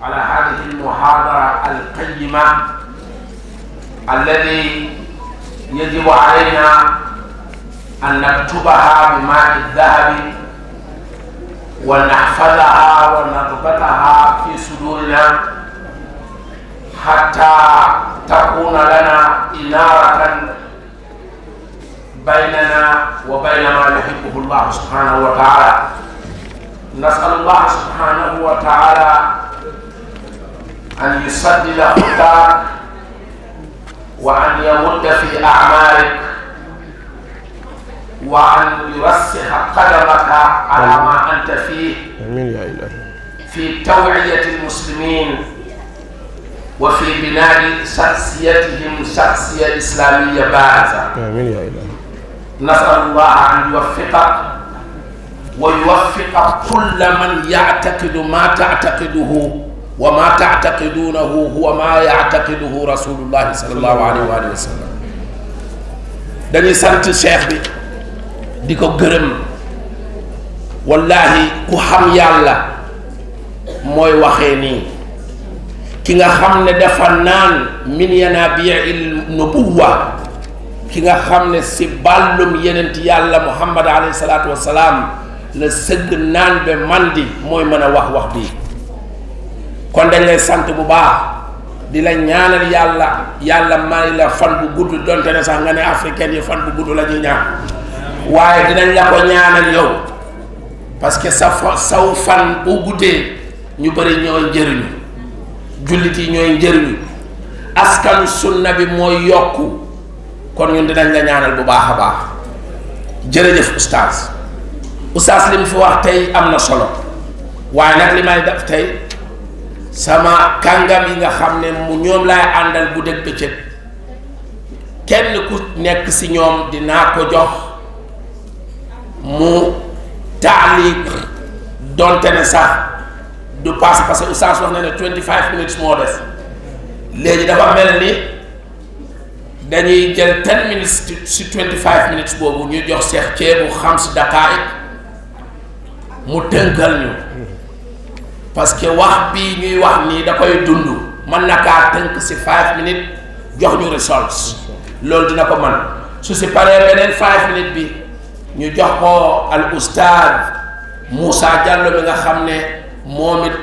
على هذه المحاضرة القيمة الذي يجب علينا أن نكتبها بماء الذهب ونحفظها ونضبطها في صدورنا حتى تكون لنا إنارة بيننا وبين ما يحبه الله سبحانه وتعالى نسأل الله سبحانه وتعالى أن يسدد خطاك وأن يمد في أعمالك وأن يرسخ قدمك على ما أنت فيه آمين يا إلهي في توعية المسلمين وفي بناء شخصيتهم شخصية إسلامية بارزة آمين يا إلهي نسأل الله أن يوفق ويوفق كل من يعتقد ما تعتقده وما تعتقدونه هو ما يعتقده رسول الله صلى الله عليه وآله وسلم dañuy sant cheikh bi di ko gërëm wallahi ku xam yàlla mooy waxee nii ki nga xam ne dafa naan min yanaabiil nubuwa ki nga xam ne si bàllum yenent yàlla muhammad alayhi salaatu wasalaam la sëgg naan ba màndi mooy mën a wax wax bi kon dañ lay sant bu baax di la ñaanal yàlla yàlla may la fan bu gudd donte ne sax nga ne africain yi fan bu gudd lañuy ñuy ñaan waaye dinañ la ko ñaanal yow parce sa fan bu guddee ñu bëri ñoo njëriñu jullit yi ñooy njëriñu askanu sunna bi mooy yokku kon ñun dinañ la ñaanal bu baax a baax jërëjëf oustaz oustaz li mu fi wax tey am na solo waaye nag li may def tey sama kàngam yi nga xam ne mu ñoom laay àndal bu dégg bëccëg kenn ku nekk si ñoom dinaa ko jox mu taaliq donte ne sax lu passé parce que oustaz wax na ne 25 minutes moo des léegi dafa mel ni dañuy jël 10 minutes si 25 minutes boobu ñu jox Cheikh ceebu xam si daqaay mu tënkal ñu parce wax bii ñuy wax nii da koy dund mën na kaa tënk si 5 minutes jox ñu results loolu dina ko mën su si paree beneen 5 minutes bi ñu jox ko al oustaz Moussa Diallo mi nga xam ne. moom it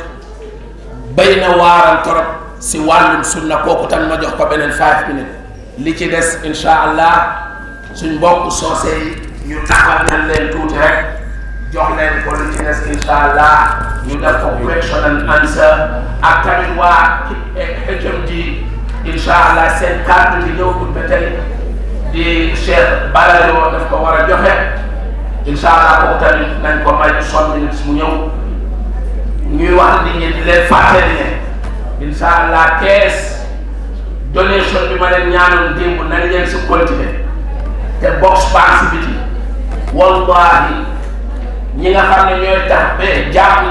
bay na waaram torop si wàllum sunna kooku tan ma jox ko beneen five minutes li ci des insha allah suñ mbokk soose yi ñu taxawal leen tuuti rek jox leen ko li ci des insha allah ñu def ko question and answer ak tamit waa HMD insha allah seen carte bi ñëw pour ba tey di Cheikh Baraloo daf ko war a joxe insha allah kooku tamit nañ ko may sonn minutes mu ñëw ñuy wax nit ñi di leen fàttali ne incha allah kees donation bi ma leen ñaanoon démb nañ leen te box baa si biti wallahi ñi nga xam ne ñooy tax ba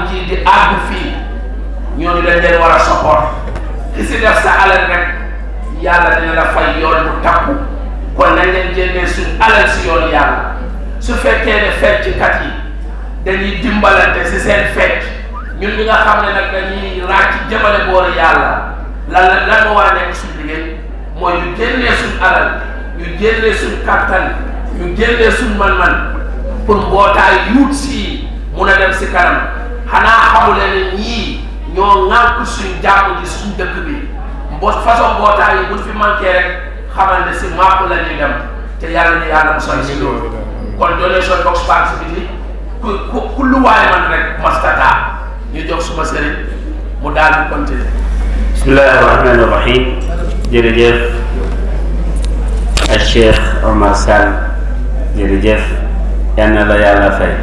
ji di àgg fii ñooñu dañ leen war a support ki si def sa alal rek yàlla dina la fay yoon bu takku kon nañ leen génnee suñ alal si yoon yàlla su fekkee ne fecckat yi dañuy dimbalante si seen fecc ñun ñi nga xam ne nag dañuy raaj ci jëmale boor yàlla la lan moo war a nekk suñu liggéey mooy ñu génnee suñu alal ñu génnee suñu kattan ñu génnee suñu man-man pour mbootaay yuut si mun a dem si kanam xanaa xamu leen ne ñii ñoo ŋànk suñu jàmm ji suñu dëkk bi mbo façon mbootaay yi buñ fi manqué rek xamal ne si màpp la ñuy dem te yàlla ñu yàlla mosal si loolu kon donation box participité ku ku lu waay man rek mastata suma sëriñ mu daal di continuer bismillahi rahmani rahim jërëjëf al cheikh Omar Sall jërëjëf yal na la yàlla fay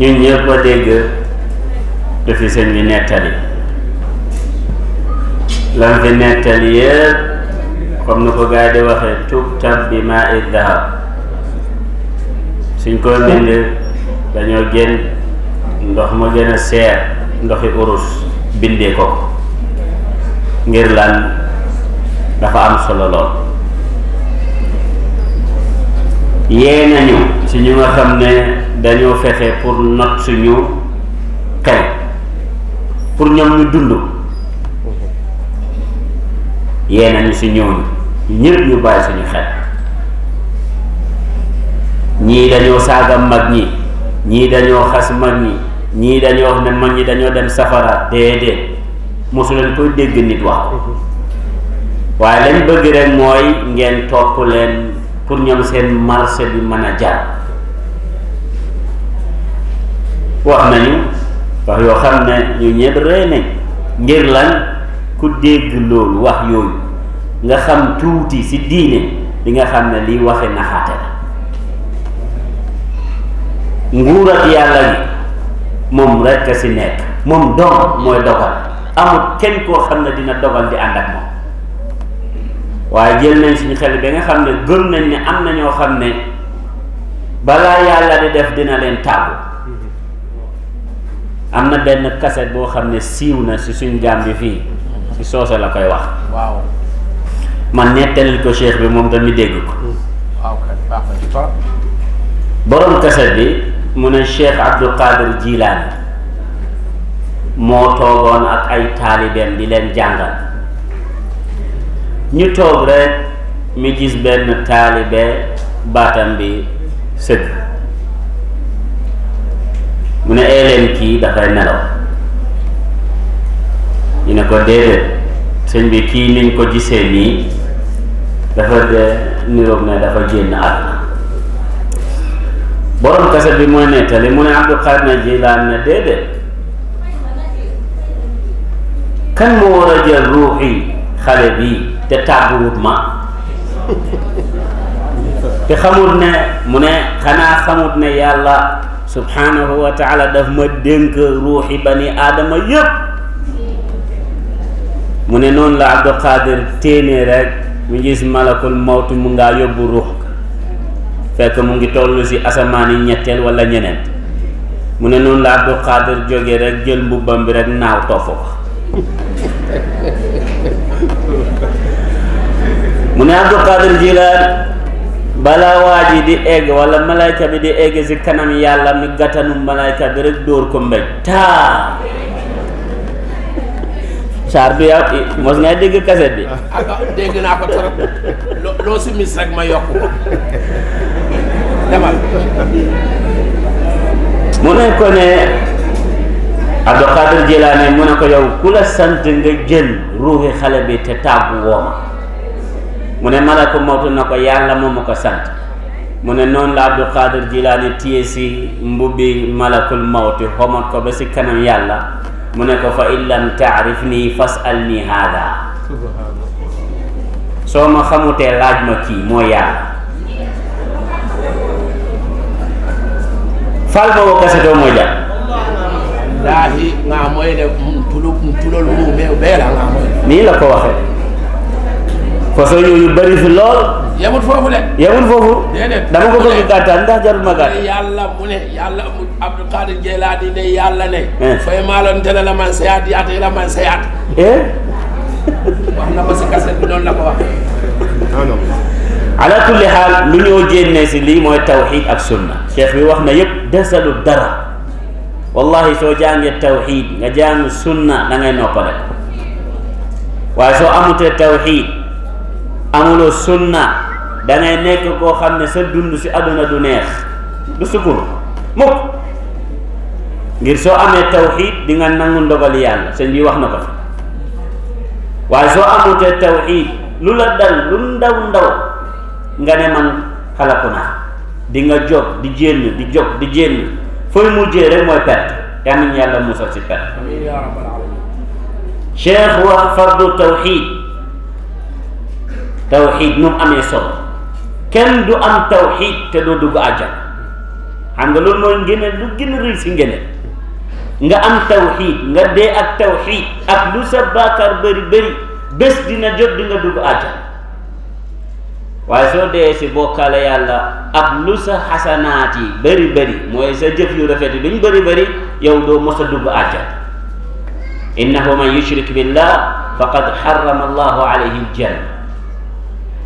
ñun ñëpp a dégg du fi sëñ bi nettali lan fi nettali yëpp comme ni ko gars yi di waxee tuktab bi maa i dahab suñ ko bind dañoo génn ndox ma gën a seer ndoxi urus bindee ko ngir lan dafa am solo lool yee nañu ci ñu nga xam ne dañoo fexe pour not suñu xel pour ñoom ñu dund yee nañu si ñooñu ñëpp ñu bàyyi suñu xel ñii dañoo saaga mag ñi ñi dañoo xas mag ñi ñii dañoo wax ne mag ñi dañoo dem safara déedéet mosu leen koy dégg nit wax waaye lañ bëgg rek mooy ngeen topp leen pour ñoom seen marché bi mën a jar wax nañu wax yoo xam ne ñu ñëpp ree nañ ngir lan ku dégg loolu wax yooyu nga xam tuuti si diine li nga xam ne lii waxe naxaate la nguurat yàlla gi moom rekk si nekk moom dor mooy dogal amul kenn koo xam ne dina dogal di ànd ak moom waaye jël nañ suñu xel ba nga xam ne gëm nañ ne am na ñoo xam ne balaa yàlla di def dina leen tàggu am na benn kaset boo xam ne siiw na si suñ Gàmbi fii si soose la koy wax waaw nettalil ko cheikh bi moom tamit dégg ko waaw kaset bi mu ne Cheikh Abdul Qadir Jilaani moo toogoon ak ay taalibeem di leen jàngal ñu toog rek mi gis benn taalibe baatam bi sëgg mu ne eleen eh kii dafay nelaw ñu ne ko déedéet sëñ bi kii niñ ko gisee nii dafa de niroog ne dafa génn at borom kase bi mooy nettali mu ne Abdul Qaadir Jilaan ne déedéet kan moo war a jël ruuxi xale bi te tàgguwut ma te xamut ne mu ne xanaa xamut ne yàlla subhanahu wa taala daf ma dénk ruuxi bani aadama yëpp mu ne noonu la Abdul Qaadir téene rek mu gis malakul mawt mu ngaa yóbbu ruux fekk mu ngi toll si asamaan yi ñetteel wala ñeneen mu ne noonu la Abdou Khader jógee rek jël mbubbam bi rek naaw topp ko mu ne Abdou Khader Jilaan balaa waa ji di egg wala malayka bi di egg si kanam yàlla mi gàttanu malayka bi rek dóor ko mbéj taa saar du yàw mos ngay dégg kaset bi dégg naa ko trop loo si mis rek ma yokk ko mu ne ko ne Abdou Qadir Jilaani mu ne ko yow ku la sant nga jël ruuxi xale bi te tàggu wooma mu ne malaaka mawtu na ko yàlla moo ma ko sant mu ne noonu la Abdou Qadir Jilaani téye si mbubbi malakul mawti xomat ko ba si kanam yàlla mu ne ko fa in lam taarif nii fas al nii haada soo ma xamutee laaj ma kii moo yàlla fal bo kase do moy ja wallahi nga moy de tulu tulu lu be be la nga moy ni la ko waxe yu yu bari fi lol yamul fofu le yamul foofu dama ko bëgg gata ndax jarul ma gata yalla mu ne mu abdul qadir jeladi ne yalla ne eh. fay malon tele la man ya yaat la man sayaat eh wax na ba si kasse bi noonu la ko non ala kulli hal lu ñoo jénne si lii mooy tawxid ak sunna cheikh bi wax na yëpp desalu dara wallahi soo jàngee tawxid nga jàng sunna da ngay noppale waaye soo amutee tawxid amuloo sunna da ngay nekk koo xam ne sa dund si aduna du neex du sukur mukk ngir soo amee tawxid di nga nangu ndogal yàlla sëñ bi wax na ko fi waaye soo amutee tawxid lu la dal lu ndaw ndaw nga ne man xalaku naa di nga jóg di jenn di jóg di jénn fooy mujjee rek mooy perte yal nañu yàlla ya musal si perte cheikh wax fardu tawxid tawxid nu mu amee solo kenn du am tawxid te doo dugg àjjal xam nga loolu mooy ngëneel lu gën a rëy si nga am tawxid nga dee ak tawxid ak lu sa beri, bëri bëri bés dina jot di nga dugg àjjal waaye soo dee si bokkaale yàlla ak lu sa xasanaat yi bëri bëri mooy sa jëf yu rafet yi duñ bëri bëri yow doo mos a dugg àjjana innahu man yushrik billah faqad harrama allahu alayhi aljanna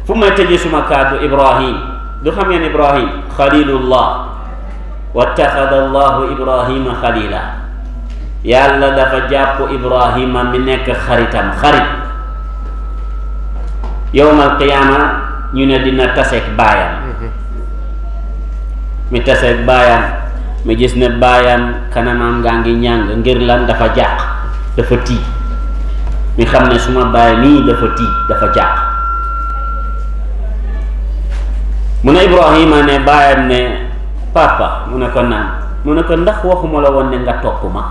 fu may tëje suma kàddu ibrahim du xam ngeen ibrahim xalilullah wattaxada allahu ibrahima xalila yàlla dafa jàpp ibrahima mi nekk xaritam xarit yowma alqiyaama ñu mhm. ne dina ak bayam mi ak bayam mi gis ne bayam kanamam ngaa ngi ñang ngir lan dafa jàq dafa ti mi xam suma baye ni dafa ti dafa jàq mu ibrahima ne bayam ne papa mu ne ko naan mu ne ko ndax waxuma la won ne nga topp ma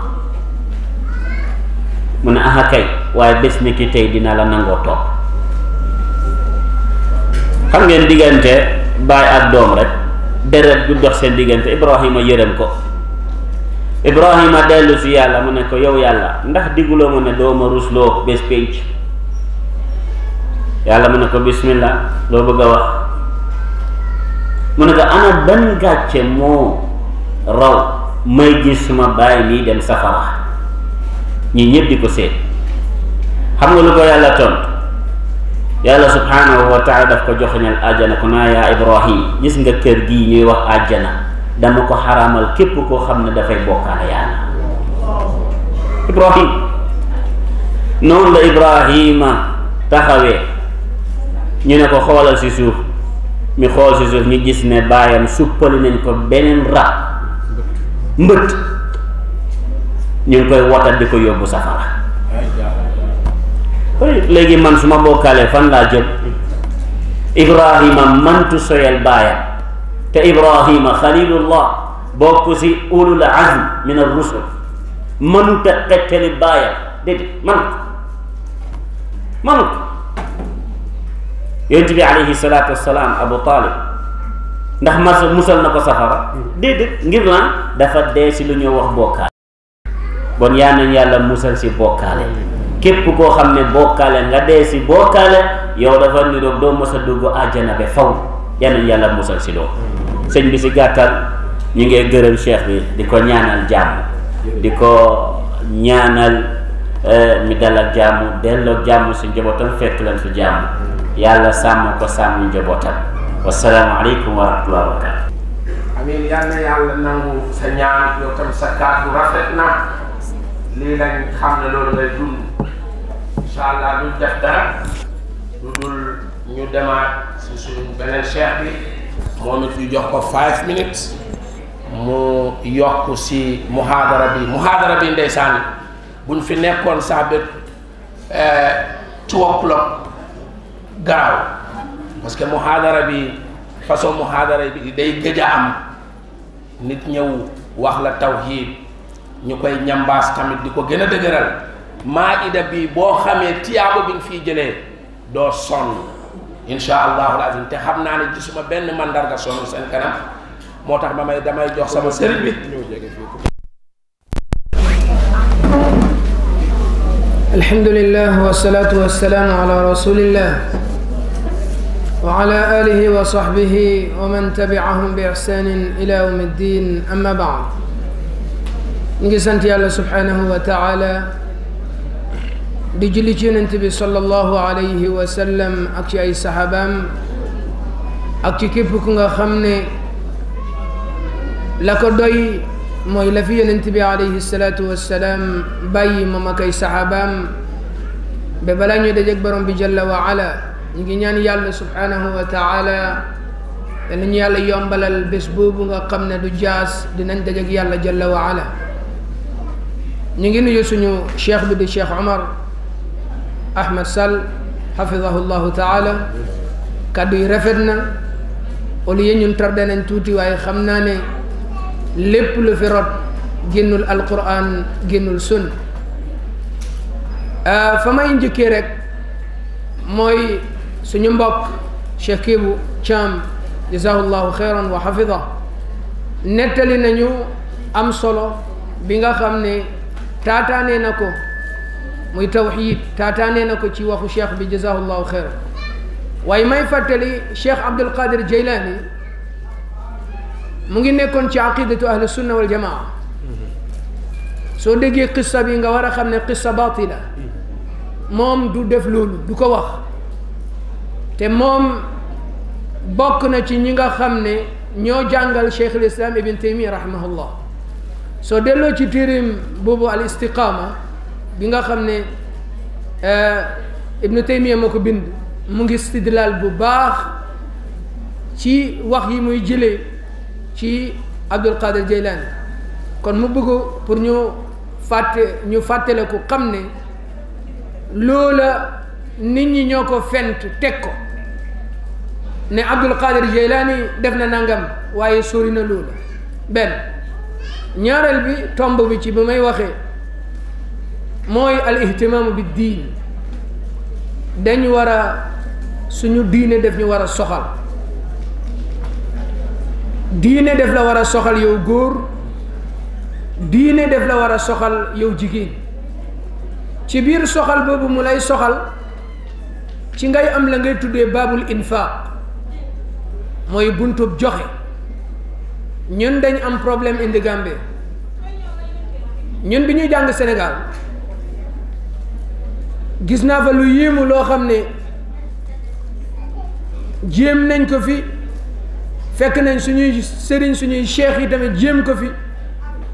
mu ne aha kay waye bes ne ki tay dina la nango topp xam ngeen diggante baay ak doom rek deret bu dox seen diggante Ibrahima yërëm ko Ibrahima dellu yàlla mu ne ko yow yàlla ndax diguloo mu ne doo ma rusloo bés pénc yàlla mu ne ko bismillah loo bëgg a wax mu ne ko ana ban gàcce moo raw may gis suma bàyyi mii dem safara ñi ñëpp di ko seet xam nga lu ko yàlla ton yalla ya subhanahu wa taala daf ko joxeñal ajjana ku naa ya ibrahim gis nga kër gi ñuy wax aljana dama ko haramal kep ko xamne da fay bokkaale ya ibrahim non la ibrahima taxawé ñu ne ko xolal Sisuh suuf mi xol ci suuf ñu gis ne bayam suppali nañ ko benen ra mbeut ñu koy wota di ko safara legi man suma bokale bokkaale fan laa jëm man mantu soyal baayam te ibrahim Khalilullah bokku si ulul azm min ar rusul ta xettali baayam dede man man yunus bi alayhi salatu wassalam abu talib ndax mas musal nako ko safara déedéet ngir lan dafa dee ci lu wax bokale bon yalla ya musal si bokale képp koo xam ne bokkaale nga dee si bokkaale yow dafa niroog doo mos a dugg àjjana be faw yal yàlla musal si loolu sëñ bi si gàttal ñu ngee gërëm cheikh bi di ko ñaanal jàmm di ko ñaanal eh, mi dalal jàmm delloo jàmm si njabootam fekk lañ si jàmm yàlla sàmm ko sàmm njabootam wasalaamaaleykum wa rahmatulah wa barakatu amin yal na yàlla sa ñaan yow tam sa kàddu rafet na lii lañ xam ne loolu ngay dund incha allah duñ def dara lu dul ñu demaat si suñu beneen cheikh bi moom ñu jox ko five minutes mu yokk si muhaadara bi muhaadara bi ndeysaan buñ fi nekkoon sax ba ci eh, wokkloog garaaw parce que muhaadara bi façon muhaadara bi day gëj a am nit ñëw wax la tawhid ñukoy ñambaas tamit di ko gën a dëgëral maida bi boo xamee tiyaaba bi nga fiy jëlee doo sonn insha allahu azim te xam naa ne gisuma benn mandarga sonn seen kanam moo tax ma may damay jox sama sëriñ bi الحمد لله والصلاة والسلام على رسول الله وعلى آله وصحبه ومن تبعهم بإحسان إلى يوم الدين أما بعد ñu ngi sant yàlla subhanahu wa taala di julli ci yonent bi sallallahu alayhi wa sallam ak ci ay saxaabaam ak ci képp ku nga xam ne la ko doy mooy la fi yonent bi alayhi salaatu wassalaam bàyyi moom ak ay saxaabaam ba balaa ñuy dajeeg borom bi jalla wa ala ñu ngi ñaan yàlla subhanahu wa taala danañu yàlla yombalal bés boobu nga xam ne du jaas dinañ dajeeg yàlla jalla wa ala نيجي نيجي سنو شيخ بدي شيخ عمر أحمد سال حفظه الله تعالى كدي رفدنا ولي ينون تردن انتوتي واي خمناني لب لفرد جنو القرآن جنو السن آه فما ينجي كيرك موي سنو مبك شكيبو شام جزاه الله خيرا وحفظه نتالي نيو أم صلو بيغا خمني taataane na ko muy tawxiid taataane na ko ci waxu cheikh bi jazahullahu xeyran waaye may fàttali cheikh abdul qadir jeylaani mu ngi nekkoon ci aqidatu ahlu sunna wal jamaa soo déggee qissa bi nga war a xam ne qissa batila moom du def loolu du ko wax te moom bokk na ci ñi nga xam ne ñoo jàngal cheikh al islam ibn taymiya rahimahullah soo delloo ci tirim boobu al istiqaama bi nga xam ne eh, ibnu taymiya moo ko bind mu ngi istidlaal bu baax ci wax yi muy jëlee ci abdul qadir jaylaani kon mu bëgg pour ñu fàtte ñu fàttale ko xam ne loola nit ñi ñoo ko fent teg ko ne abdul qadir jaylaani def na nangam waaye sori na loola benn ñaareel bi tomb bi ci bi may waxee mooy al ihtimaamu bi diin dañ war a suñu diine def ñu war a soxal diine def la war a soxal yow góor diine def la war a soxal yow jigéen ci biir soxal boobu mu lay soxal ci ngay am la ngay tuddee baabul infaq mooy buntub joxe ñun dañ am problème indi Gambie ñun bi ñuy jàng senegaal gis naa fa lu yéemu loo xam ne jéem nañ ko fi fekk nañ suñuy sëriñ suñuy cheikh yi tamit jéem ko fi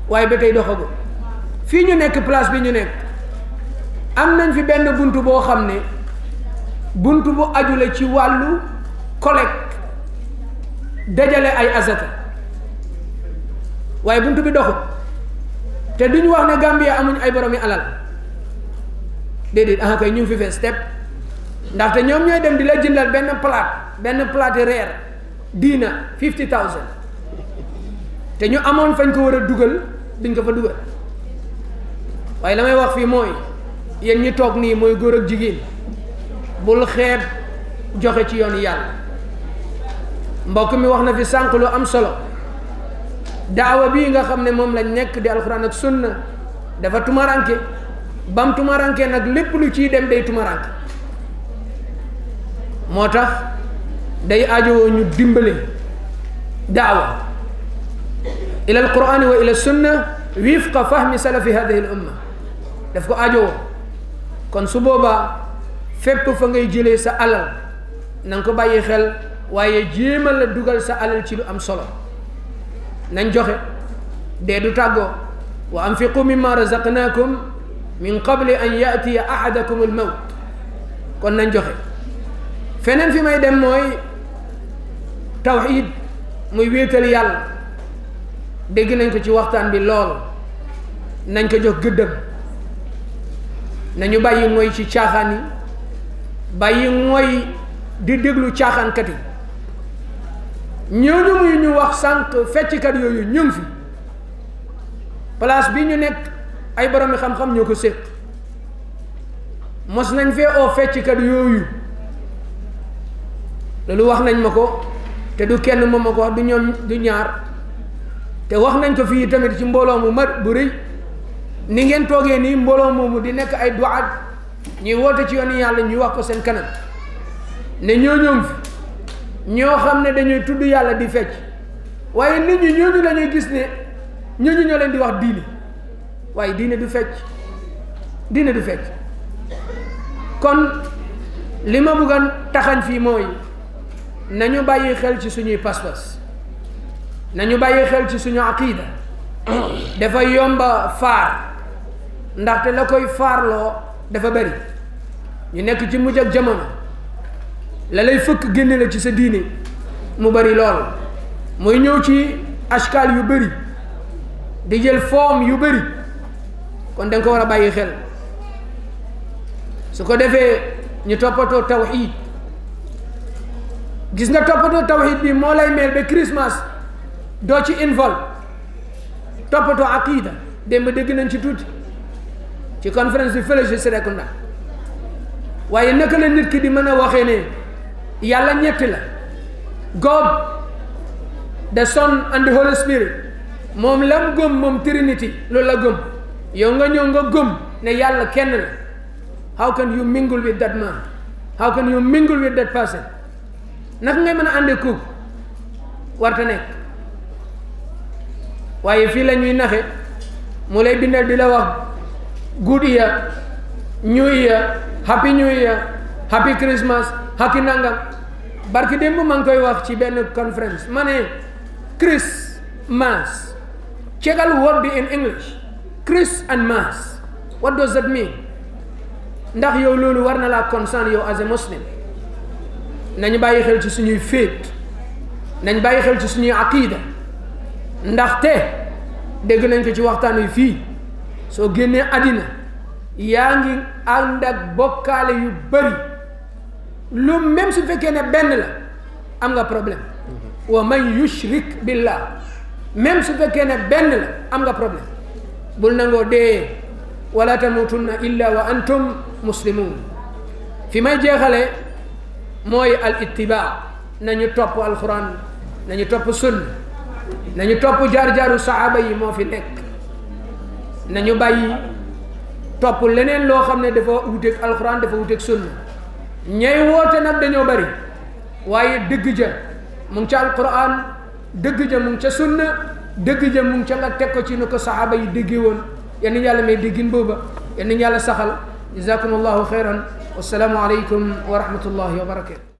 waaye ba tey doxagu fii ñu nekk place bi ñu nekk am nañ fi benn bunt boo xam ne bunt bu aju la ci wàllu collecte dajale ay azaka waye buntu bi doxut te duñu wax ne Gambia amuñ ay borom yi alal déedéet ah kay ñu fi fees step ndax ndaxte ñom ñoy dem di la jëndal ben plate ben plate rare dina 50000 thousand te ñu amoon fañ ko wara duggal duñ ko fa duggal waye lamay wax fi moy yeen ñi tok ni moy goor ak jigéen bul xeeb joxe ci yoon yalla mbokk mi wax na fi sank lu am solo daawa bii nga xam ne moom lañ nekk di alxuraan ak sunna dafa tumaranke bam tumaranke nag lépp lu ciy dem day tumaranke moo tax day ajowoo ñu dimbale daawa ila alqurani wa ila sunna wifqa fahmi salafi hadihi al umma daf ko ajowoo kon su boobaa fépp fa ngay jëlee sa alal na ko bàyyi xel waaye jéemal la dugal sa alal ci lu am solo nañ joxe dee du tàggoo wa anfiqu mimma razaqnaakum min qabli an yatiya ahadakum al kon nañ joxe feneen fi may dem mooy tawxid muy wéetal yàlla dégg nañ ko ci waxtaan bi lool nañ ko jox gëddëm nañu bàyyi mooy ci caaxaan yi bàyyi mooy di déglu caaxaankat ñooñu muy ñu wax sànq fecckat yooyu ñu ngi fi place bi ñu nekk ay borom xam-xam ñoo ko séq mos nañ fee oo fecckat yooyu loolu wax nañ ma ko te du kenn moom ma ko wax du ñoom du ñaar te wax nañ ko fii tamit ci mbooloo mu mat bu rëy ni ngeen toogee nii mbooloo moomu di nekk ay duwaat ñuy woote ci yoonu yàlla ñuy wax ko seen kanam ne ñoo ñoom fi ño xamne dañuy tudd yalla di fecc waye nit ñi ñoo la ñuy gis ne ñoo ñoo leen di wax diine waye diine du fecc diine du fecc kon lima bugan bëggoon taxañ fi moy nañu bayyi xel ci suñuy pass pass nañu bayyi xel ci suñu aqida dafa yomba faar te la koy lo dafa bari ñu nekk ci mujj ak jamono la lay fëkk génne la ci sa diine mu bari lool mooy ñëw ci ashkaal yu bari di jël forme yu bari kon da ko war a bàyyi xel su ko defee ñu toppatoo tawxiid gis nga toppatoo tawxiid bi moo lay mel ba Christmas doo ci invol toppatoo aqida démb dégg nañ ci tuuti ci conférence bi fële je serai waaye naka la nit ki di mën a waxee ne. yàlla ñetti la God the Son and Holy Spirit moom lam gëm moom trinity loolu la gëm yow nga ñëw nga gëm ne yàlla kenn la how can you mingle with that man how can you mingle with that person naka ngay mën a àndee kooku warta nekk waaye fii lañuy ñuy naxe mu lay bindal di la wax good year new year happy new year happy Christmas haki nangam barki dembu mang koy wax ci ben conference mané chris mass chegal word bi in english chris and mass what does that mean ndax yow lolu warna la concern yow as a muslim nañu bayyi xel ci suñuy fête nañ bayyi xel ci suñuy aqida ndax té dégg nañ ko ci waxtanu fi so génné adina yaangi andak bokale yu bari lu même su fekkee ne benn la am nga problème wa man yushrik billah même su fekkee ne benn la am nga problème bul nangoo dee wala na illa wa antum muslimun fi may jeexale mooy al ittiba nañu topp alquran nañu topp sunna nañu topp jaar-jaaru sahaaba yi moo fi nekk nañu bàyyi topp leneen loo xam ne dafa wuteeg alquran dafa wuteeg sunna ñay woote nag dañoo bari waaye dëgg ja mu ngi ca alquran dëgg ja mu ca sunna dëgg ja mu ca nga teg ko ci nu ko saxaaba yi déggee woon yal nañu yàlla may déggin booba yal nañu yàlla saxal jazakumullahu xayran wassalaamu aleykum wa rahmatullahi wa barakatu